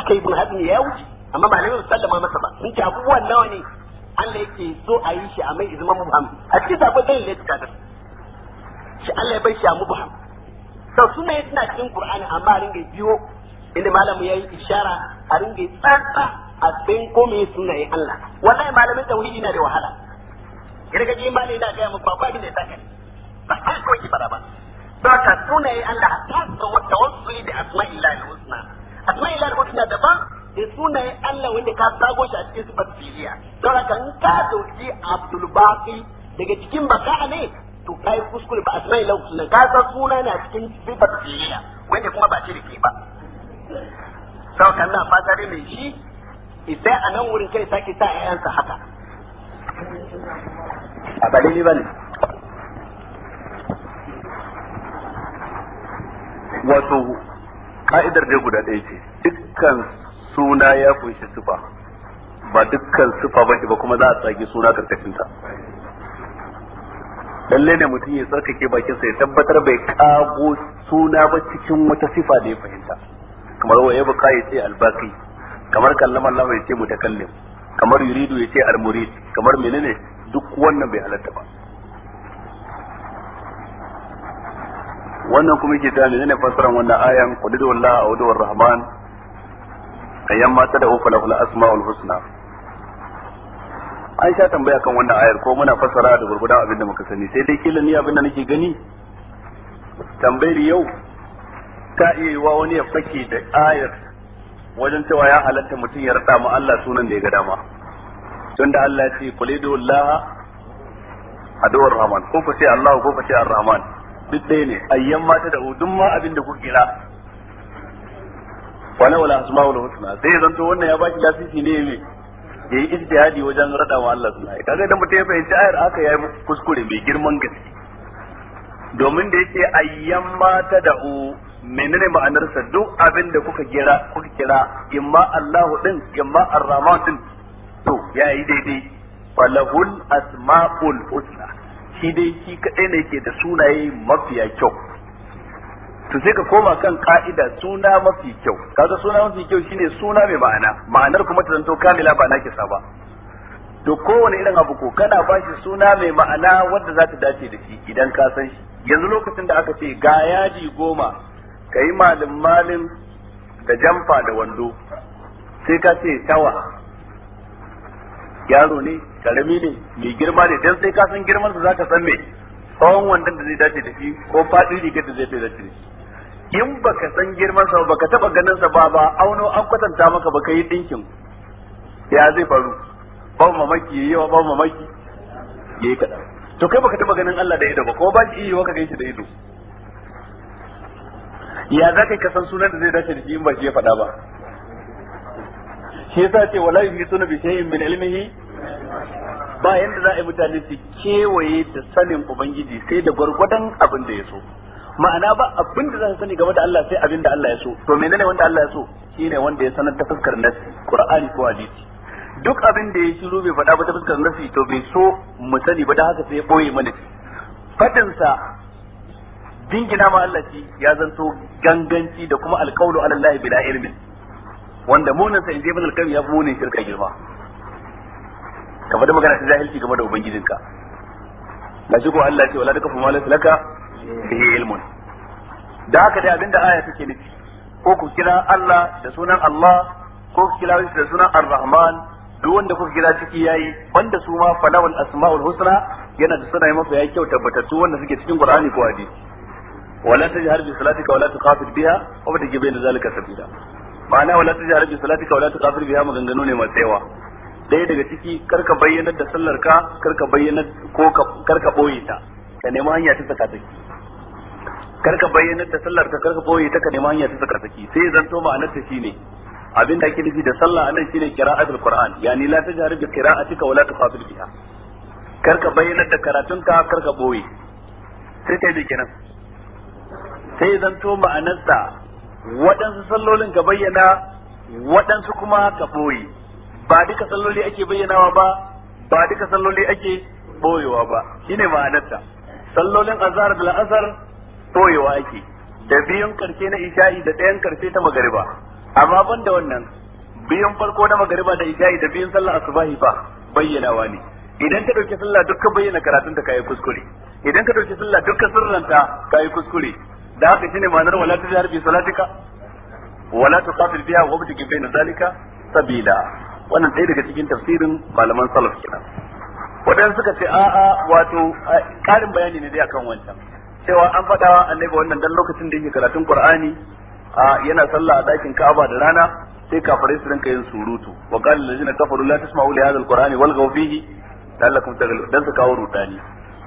aka bin hazmi ya wuce amma ba ne ma masa ba in ce abubuwan nawa ne Allah yake so a yi shi a mai izinin mubham a cikin sabon dalil ne kada shi Allah ya bai shi a mubham sau suna yi suna cikin Qur'ani amma a ringa biyo inda malamu ya yi ishara a ringa tsantsa a cikin komai suna yi Allah wallahi malamin tauhidi na da wahala ya daga jin malai na gaya muku ba ba da ya kai. ba har ki fara ba Saka sunaye Allah hatta tawassuli da asma'illahi al-husna. Asma'illahi al-husna daban da sunaye Allah wanda ka sago shi a cikin su filiya. Don haka in ka dauki Abdul Baqi daga cikin baka'a ne to kai kuskure ba asma'illahi al-husna ka san suna a cikin sifar filiya wanda kuma ba ke ba. Saka Allah fata ne mai shi sai a nan wurin kai sake sa 'ya'yansa haka. A ba ne. wato ka'idar dai guda ɗaya ce dukkan suna ya kunshi sufa ba dukkan sufa ba ba kuma za a tsage suna karkashinta lalle ne mutum ya tsarkake bakin sa ya tabbatar bai kago suna ba cikin wata sifa da ya fahimta kamar wa yabu kai ce albaki kamar kallama Allah ya ce mutakallim kamar yuridu ya ce almurid kamar menene duk wannan bai halatta ba wannan kuma yake ta menene fassarar wannan ayan qul huwallahu ahad ar-rahman ayyan ma tad'u falahu al-asma'ul husna an sha tambaya kan wannan ayar ko muna fasara da gurgudan abin da muka sani sai dai kila ni abin da nake gani tambayar yau ta iya yiwa wani ya fake da ayar wajen cewa ya halatta mutum ya rada ma Allah sunan da ya ga dama tun da Allah ya ce qul huwallahu ahad ar-rahman ko fa sai Allah ko fa sai ar-rahman duk ɗaya ne ayyan mata da duk ma abin da kuka kira wala wala asma'ul husna sai zan to wannan ya baki lasisi ne me ya yi ijtihadi wajen rada wa Allah suna kaga idan mutum ya fahimci ayar haka ya yi kuskure mai girman gaske domin da yake ayyan mata da u menene ma'anar sa duk abin da kuka kira kuka kira imma Allahu din imma Ar-Rahman din to yayi daidai falahul asma'ul husna shi dai shi kadai ne yake da sunaye mafiya kyau to sai ka koma kan ka'ida suna mafi kyau kaga suna mafi kyau shine suna mai ma'ana ma'anar kuma ta zanto kamila ba na kisa ba to kowane irin abu ko kana ba shi suna mai ma'ana wanda za ta dace da shi idan ka san shi yanzu lokacin da aka ce ga yadi goma ka yi malin malin da jamfa da wando sai ka ce tawa yaro ne karami ne mai girma ne dan sai ka san girman sa zaka san me tsawon wandan da zai dace da shi ko fadi ne da zai dace da shi in baka san girman sa baka taba ganin sa ba ba auno an kwatanta maka baka yi dinkin ya zai faru ba mamaki yayi yawa ba mamaki yayi kada to kai baka taba ganin Allah da ido ba ko ba shi yiwa ka ganshi da ido ya za ka san sunan da zai dace da shi in ba shi ya faɗa ba shi yasa ce wala yuhituna bi shay'in min ilmihi ba yanda za a yi mutane su kewaye da sanin ubangiji sai da gwargwadon abin da ya so ma'ana ba abin da za su sani game da Allah sai abin da Allah ya so to menene wanda Allah ya so shine wanda ya sanar ta fuskar nasi qur'ani ko hadisi duk abin da ya shiru bai faɗa ba ta fuskar nasi to bai so mu sani ba da haka sai ya boye mana shi fadin sa dingina ma Allah shi ya zanto ganganci da kuma alqawlu ala Allah bila ilmin wanda munan sa inda ibn al-qayyim ya fi munin shirka girma ka faɗi magana ta jahilci game da ubangijinka la shi ko Allah ce wala duka fa malaka laka bi ilmun da haka dai abinda aya take nufi ko ku kira Allah da sunan Allah ko ku kira shi da sunan Ar-Rahman duk wanda kuka kira ciki yayi banda su ma falawul asmaul husna yana da sunaye mafi yayi kyau tabbatattu wanda suke cikin Qur'ani ko hadisi wala tajhar bi salatika wala tukhafit biha wa bi jibin zalika sabila ma'ana wala tajhar bi ka wala ta kafir biya maganganu ne masu yawa Ɗaya daga ciki karka bayyanar da sallar ka karka bayyanar ko karka boye ta ka nemi hanya ta saka take karka bayyanar da sallar ka karka boye ta ka nemi hanya ta saka take sai zanto ma'anar ta shine abin da ake nufi da sallah anan shine qira'atul qur'an yani la tajhar bi qira'atika wala tuqafir biha karka bayyanar da karatun ka karka boye sai kai kenan sai zanto ma'anarsa waɗansu sallolin ka bayyana waɗansu kuma ka ɓoye ba duka salloli ake bayyanawa ba ba duka salloli ake ɓoyewa ba shine ma'anarta sallolin azhar da la'asar ɓoyewa ake da biyun karshe na isha'i da ɗayan karshe ta magariba amma ban da wannan biyun farko na magariba da isha'i da biyun sallah asubahi ba bayyanawa ne idan ka ɗauki sallah dukkan bayyana karatunta ka yi kuskure idan ka ɗauki sallah dukkan sirranta ka yi kuskure da haka shine ma'anar wala ta jarbi salatika wala tuqatil biha wa abdi bayna zalika sabila wannan ɗaya daga cikin tafsirin malaman salaf kina wadan suka ce a'a wato karin bayani ne dai akan wancan cewa an faɗa annabi wannan dan lokacin da yake karatun qur'ani yana sallah a dakin ka'aba da rana sai kafirai su rinka yin surutu wa qala allazina kafaru la tasma'u li hadha alqur'ani walghaw fihi la'allakum taghlibun dan su kawo rudani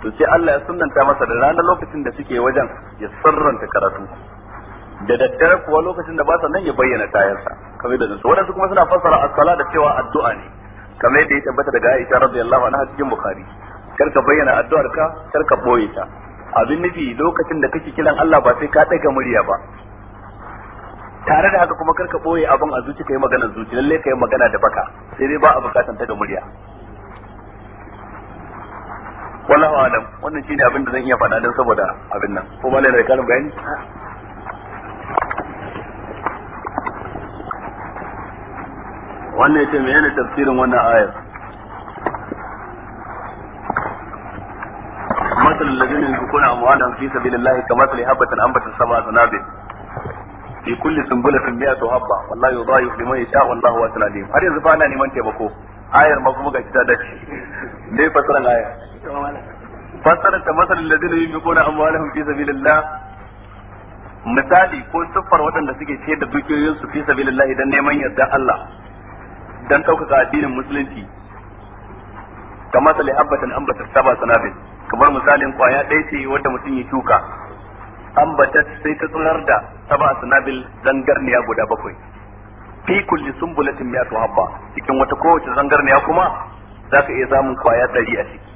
to sai Allah ya sunnanta masa da ranar lokacin da suke wajen ya sirranta karatu da daddare kuwa lokacin da ba sa nan ya bayyana tayarsa kamar da su wadansu kuma suna fassara as-sala da cewa addu'a ne kamar yadda ya tabbata daga Aisha radiyallahu anha cikin Bukhari kar ka bayyana addu'ar ka kar ka boye ta abin nufi lokacin da kake kiran Allah ba sai ka daga murya ba tare da haka kuma kar ka boye abin a zuci kai magana zuci lalle kai magana da baka sai dai ba a bukatan ta da murya wallahu alam wannan shine abin da zan iya faɗa don saboda abin nan ko ba da karin bayani wannan yace menene tafsirin wannan ayar مثل الذين ينفقون أموالهم في سبيل الله كمثل حبة أنبتت سبع سنابل في كل سنبلة مئة حبة والله يضاعف لمن يشاء والله واسع عليم هل يزفعنا لمن تبكو آية مفهومة dace ليه فسرنا آية fassara ta masal ladina yunfiquna amwalahum fi sabilillah misali ko siffar waɗanda suke ce da dukiyoyin su fi sabilillah idan neman yarda Allah dan ɗaukaka addinin musulunci Ka sali abbatan ambata saba sanabin kamar misalin kwaya ɗaya ce wadda mutum ya shuka ambata sai ta tsirar da saba sanabil zangarniya guda bakwai fi kulli sumbulatin mi'atu habba cikin wata kowace zangarniya kuma zaka iya samun kwaya ɗari a ciki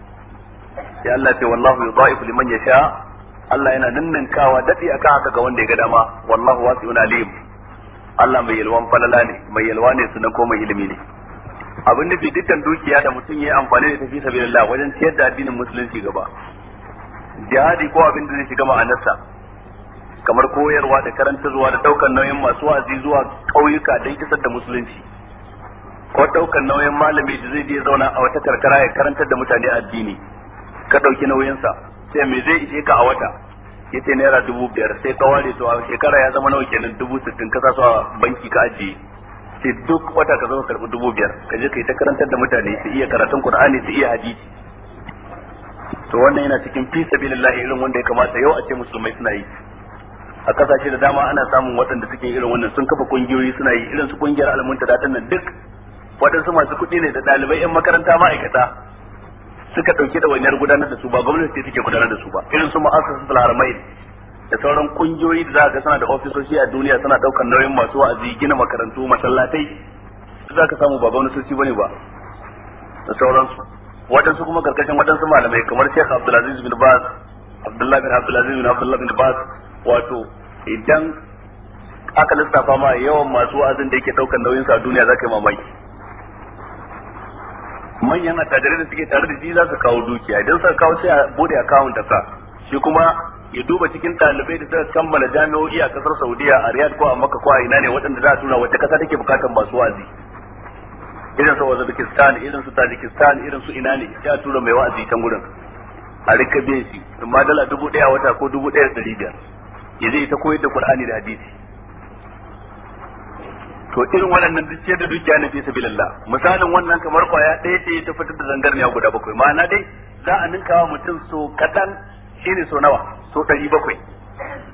sai Allah ce wallahu yudaifu liman yasha Allah yana ninninkawa dadi aka haka ga wanda ya ga dama wallahu wasi'un alim Allah mai yalwan falala ne mai yalwa ne su na mai ilimi ne abin nufi dukkan dukiya da mutum ya amfani da tafi sabilillah wajen ciyar da addinin musulunci gaba jihadi ko abin da zai shiga ma'anarsa kamar koyarwa da karantarwa da daukan nauyin masu wa'azi zuwa kauyuka don kisar da musulunci ko daukan nauyin malami da zai je zauna a wata karkara ya karantar da mutane addini ka ɗauki nauyinsa sai me zai ishe ka a wata yace naira dubu biyar sai ka ware to a shekara ya zama nawa kenan dubu sittin ka sa su a banki ka ajiye sai duk wata ka zama karɓi dubu biyar ka je ka yi ta karantar da mutane su iya karatun qur'ani su iya hadisi to wannan yana cikin fi sabilillah irin wanda ya kamata yau a ce musulmai suna yi a kasashe da dama ana samun waɗanda suke irin wannan sun kafa kungiyoyi suna yi irin su kungiyar almunta da nan duk waɗansu masu kuɗi ne da ɗalibai 'yan makaranta ma'aikata suka dauke da wani gudanar da su ba gwamnati ce take gudanar da su ba irin su ma'asasatul haramain da sauran kungiyoyi da za ga suna da ofisoshi a duniya suna daukar nauyin masu wa'azi gina makarantu masallatai su za ka samu ba gwamnatoci bane ba da sauran sauransu su kuma karkashin waɗansu malamai kamar Sheikh Abdulaziz bin Baz Abdullah bin Abdulaziz bin Abdullah bin Baz wato idan aka lissafa ma yawan masu wa'azin da yake daukar nauyin sa a duniya zaka yi mamaki manyan attajirai da suke tare da shi za su kawo dukiya idan suka kawo sai a bude account sa shi kuma ya duba cikin ɗalibai da suka kammala jami'o'i a kasar Saudiya a Riyadh ko a Makka ko a ina ne waɗanda za a tuna wata ƙasa take bukatan masu wazi irin su Uzbekistan irin su Tajikistan irin su ina ne sai a tura mai wa'azi can gurin a rikabe shi amma dala dubu ɗaya wata ko dubu ɗaya da ɗari biyar ya zai ta koyar da Qur'ani da hadisi to irin waɗannan duk ciyar da dukiya na fi sabilillah misalin wannan kamar kwaya ɗaya ce ta fitar da zangar a guda bakwai ma'ana dai za a wa mutum so kaɗan shine so nawa so ɗari bakwai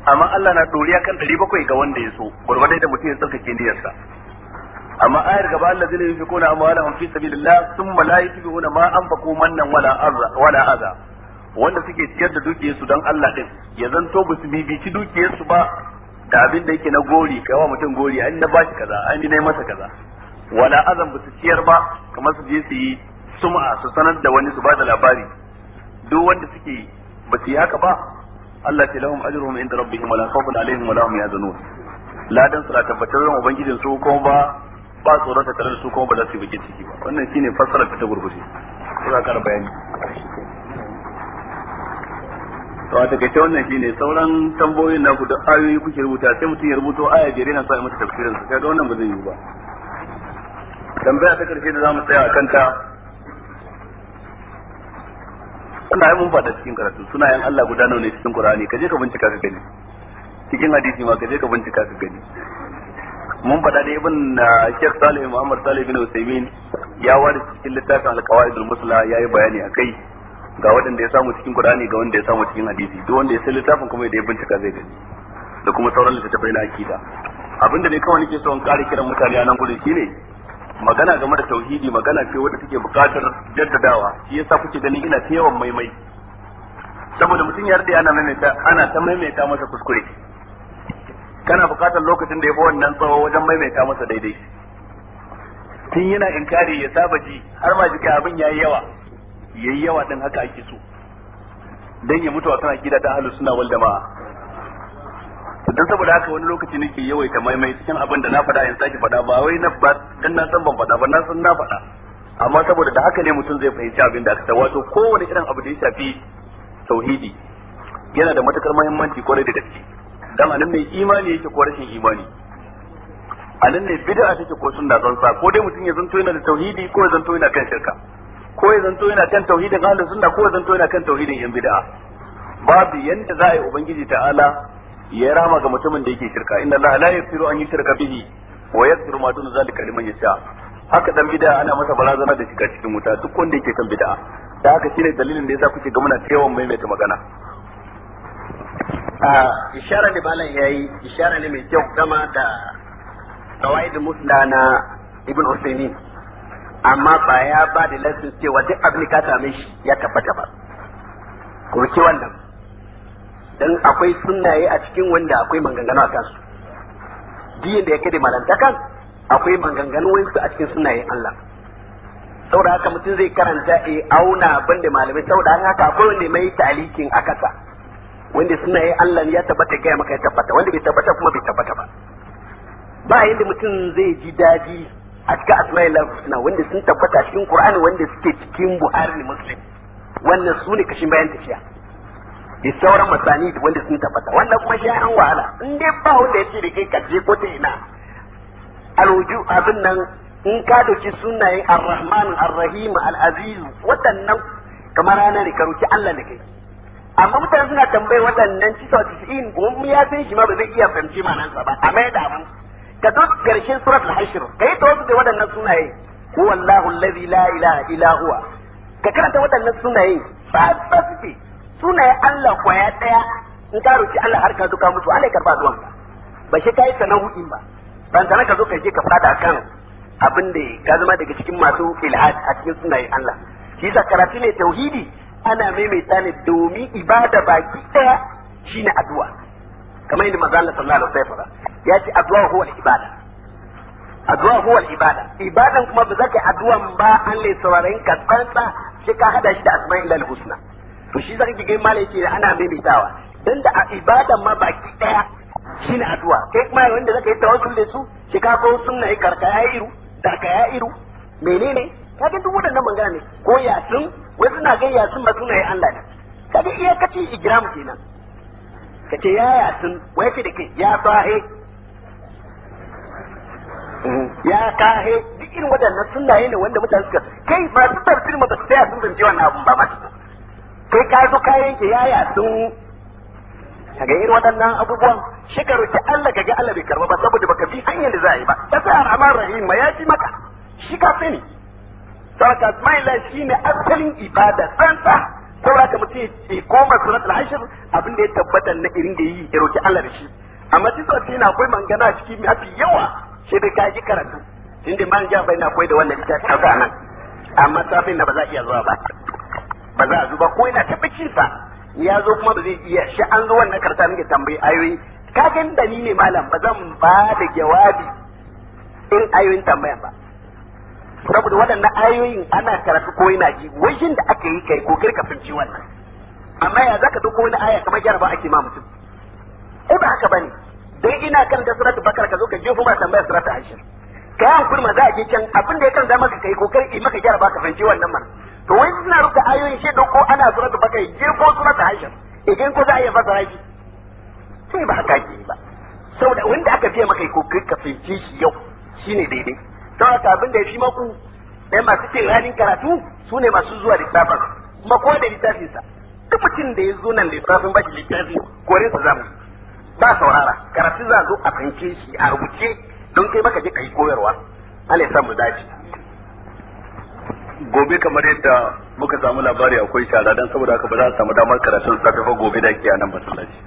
amma Allah na ɗoriya kan ɗari bakwai ga wanda ya so gwargwadai da mutum ya tsarkake niyyarsa amma ayar gaba Allah zai yi kuna amma wala fi sabilillah thumma la yutibuna ma anfaqu mannan wala wala aza wanda suke ciyar da dukiyarsu don Allah ɗin ya zanto ba su bibici dukiyarsu ba da abin da yake na gori kai wa mutum gori an na bashi kaza an yi masa kaza wala azan ba su ciyar ba kamar su je su yi sum'a su sanar da wani su ba da labari duk wanda suke ba su yi haka ba Allah ta lahum ajruhum inda rabbihim wala khawfun alaihim wala hum yahzanun ladan su la tabbatar da ubangijin su kuma ba ba tsoron ta tare da su kuma ba za su yi bakin ciki ba wannan shine fassarar ta gurgurje za ka bayani to a takaice wannan ne sauran tambayoyin naku da ayoyi kuke rubuta sai mutum ya rubuto aya jere na ya masa tafsirin sa kaga wannan ba zai yi ba tambaya ta karshe da zamu tsaya a ta Suna mun faɗa cikin karatu sunayen Allah guda nawa ne cikin Qur'ani kaje ka bincika ka gani cikin hadisi ma kaje ka bincika ka gani mun fada da ibn ah, Sheikh Salih Muhammad Salih bin Usaimin ya wada cikin littafin al qawaidul al-Musla yayi bayani akai ga waɗanda ya samu cikin Qur'ani ga wanda ya samu cikin hadisi duk wanda ya san littafin kuma da ya bincika zai gani da kuma sauran littattafai na akida abinda ne kawai nake so in ƙara kiran mutane a nan gurin shine magana game da tauhidi magana ce wadda take buƙatar jaddadawa shi yasa kuke ganin ina ta yawan maimai saboda mutum ya rade ana maimaita ana ta maimaita masa kuskure kana buƙatar lokacin da ya fi wannan tsawo wajen maimaita masa daidai tun yana inkari ya saba ji har ma jika abin yayi yawa yayi yawa din haka ake so dan ya mutu kan akida ta ahlus sunna wal jamaa dan saboda haka wani lokaci nake yawaita maimai cikin abin da na faɗa in sake faɗa ba wai na ba dan na san ban faɗa ba na san na faɗa amma saboda da haka ne mutum zai fahimci abin da aka ta wato kowane irin abu da ya shafi tauhidi yana da matukar muhimmanci kwarai da gaske dan anan ne imani yake ko rashin imani anan ne bid'a take ko sunna zan sa ko dai mutum ya zanto yana da tauhidi ko ya zanto yana kan shirka ko ya zanto yana kan tauhidin ahlus sunna ko ya zanto yana kan tauhidin yan bid'a babu yanda za a yi ubangiji ta'ala ya rama ga mutumin da yake shirka inna Allah la yaghfiru an yushraka bihi wa yaghfiru ma dun zalika liman yasha haka dan bid'a ana masa barazana da shiga cikin wuta duk wanda yake kan bid'a da haka shine dalilin da yasa kuke ga muna yawan maimaita magana a isharar da balan yayi ishara ne mai kyau kama da tawaidu musla na ibn usaymin amma ba ya ba da lasin cewa duk abin ka same shi ya tabbata ba ku rike wannan dan akwai sunnaye a cikin wanda akwai manganganu a kansu diyin da ya kai da malantakan akwai manganganu wasu a cikin sunnaye Allah saboda haka mutum zai karanta e auna abin da malamai saboda haka akwai wanda mai talikin a kasa wanda sunnaye Allah ya tabbata gaya maka ya tabbata wanda bai tabbata kuma bai tabbata ba ba yanda mutum zai ji daji a cikin asma'il husna wanda sun tabbata cikin qur'ani wanda suke cikin buhari ne muslim wannan su ne kashin bayan tafiya da sauran masani wanda sun tabbata wanda kuma shi an wahala in dai ba wanda yake da kai kaje ko ta ina alwuju abin nan in ka dauki sunayen arrahman rahman alaziz rahim al waɗannan kamar ranar ne ka roki Allah ne kai amma mutane suna tambaye waɗannan cikin gomi ya san shi ma ba zai iya fahimci ma'anarsa ba amma da abin ka zo karshen surat al-hashr kai ta su da waɗannan sunaye huwa Wallahu allazi la ilaha illa huwa ka karanta waɗannan sunaye tsatsafi sunaye Allah kwaya daya in ka roki Allah har ka duka mutu Allah karba zuwan ka ba shi kai sanan ba ban tana ka zo ka je ka fada kan abin da ka zama daga cikin masu ilhad a cikin sunaye Allah shi yasa karatu ne tauhidi ana maimaita ne domin ibada baki daya shine addu'a kamar yadda manzo Allah sallallahu alaihi wasallam ya ce addu'a huwa ibada addu'a huwa ibada ibadan kuma ba zaka addu'a ba an le sauraron ka tsantsa shi ka hada shi da asma'il al-husna to shi zaka ga malai yake ana maimaitawa dan da ibadan ma ba ki daya shine addu'a kai kuma wanda zaka yi tawakkul da su shi ka ko sunna ya karka ya iru da ka ya iru menene kaga duk wannan magana ne ko yasin wai suna ga yasin ba suna yi Allah ne kaga iya kace igram kenan kace ya yasin wai ce da ke ya sahi ya kahe duk irin wadannan sunaye ne wanda mutane suka kai masu tafsir ma ba su tsaya sun zance wannan abun ba ba kai ka zo kayan ki yaya sun kaga irin wadannan abubuwan shekaru ki Allah kaga Allah bai karba ba saboda baka bi hanyar da za a yi ba ta sa rahman rahim ma ya ji maka shi ka sani mai la shi ne asalin ibada tsantsa saboda mutum ya koma surat al-hashr abin da ya tabbata na irin da yi ya roki Allah da shi amma duk na akwai mangana cikin mafi yawa sai dai kaji karatu inda man ja bai na koyi da wannan littafi a nan amma safin na ba za a iya zuwa ba ba za a zuba ko yana tabbacin sa ya zo kuma ba zai iya shi an zo wannan karta nake tambayi ayoyi ka gan da ni ne malam ba zan ba da jawabi in ayoyin tambaya ba saboda waɗannan ayoyin ana karatu ko yana ji wajen da aka yi kai ko girka fahimci wannan amma ya zaka dauko wani aya kamar jarabawa ake ma mutum ba haka bane dan ina kan da suratul bakar ka zo ka jefo ba tambaya suratul hashir kai an kurma za a je can abin da ya kan maka kai kokari in maka gyara baka fanci wannan mana to wai suna rubuta ayoyin shi ko ana suratul bakar jefo suratul hashir idan ko za a iya fasara shi sai ba haka ke ba saboda wanda aka fiye maka kokari ka fahimci shi yau shine daidai saboda abin da ya fi maku dai masu cin ranin karatu su ne masu zuwa littafin kuma ko da littafinsa duk mutum da ya zo nan littafin ba shi littafi korinsa zamu ba saurara karatu za zo a fahimce shi a rubuce don kai maka je kai koyarwa Allah ya samu dace gobe kamar yadda muka samu labari akwai shara dan saboda haka ba za a samu damar karatun safe gobe da ke a nan masallaci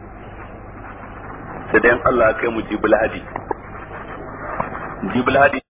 sai dai Allah ya kai mu jibil hadi jibil hadi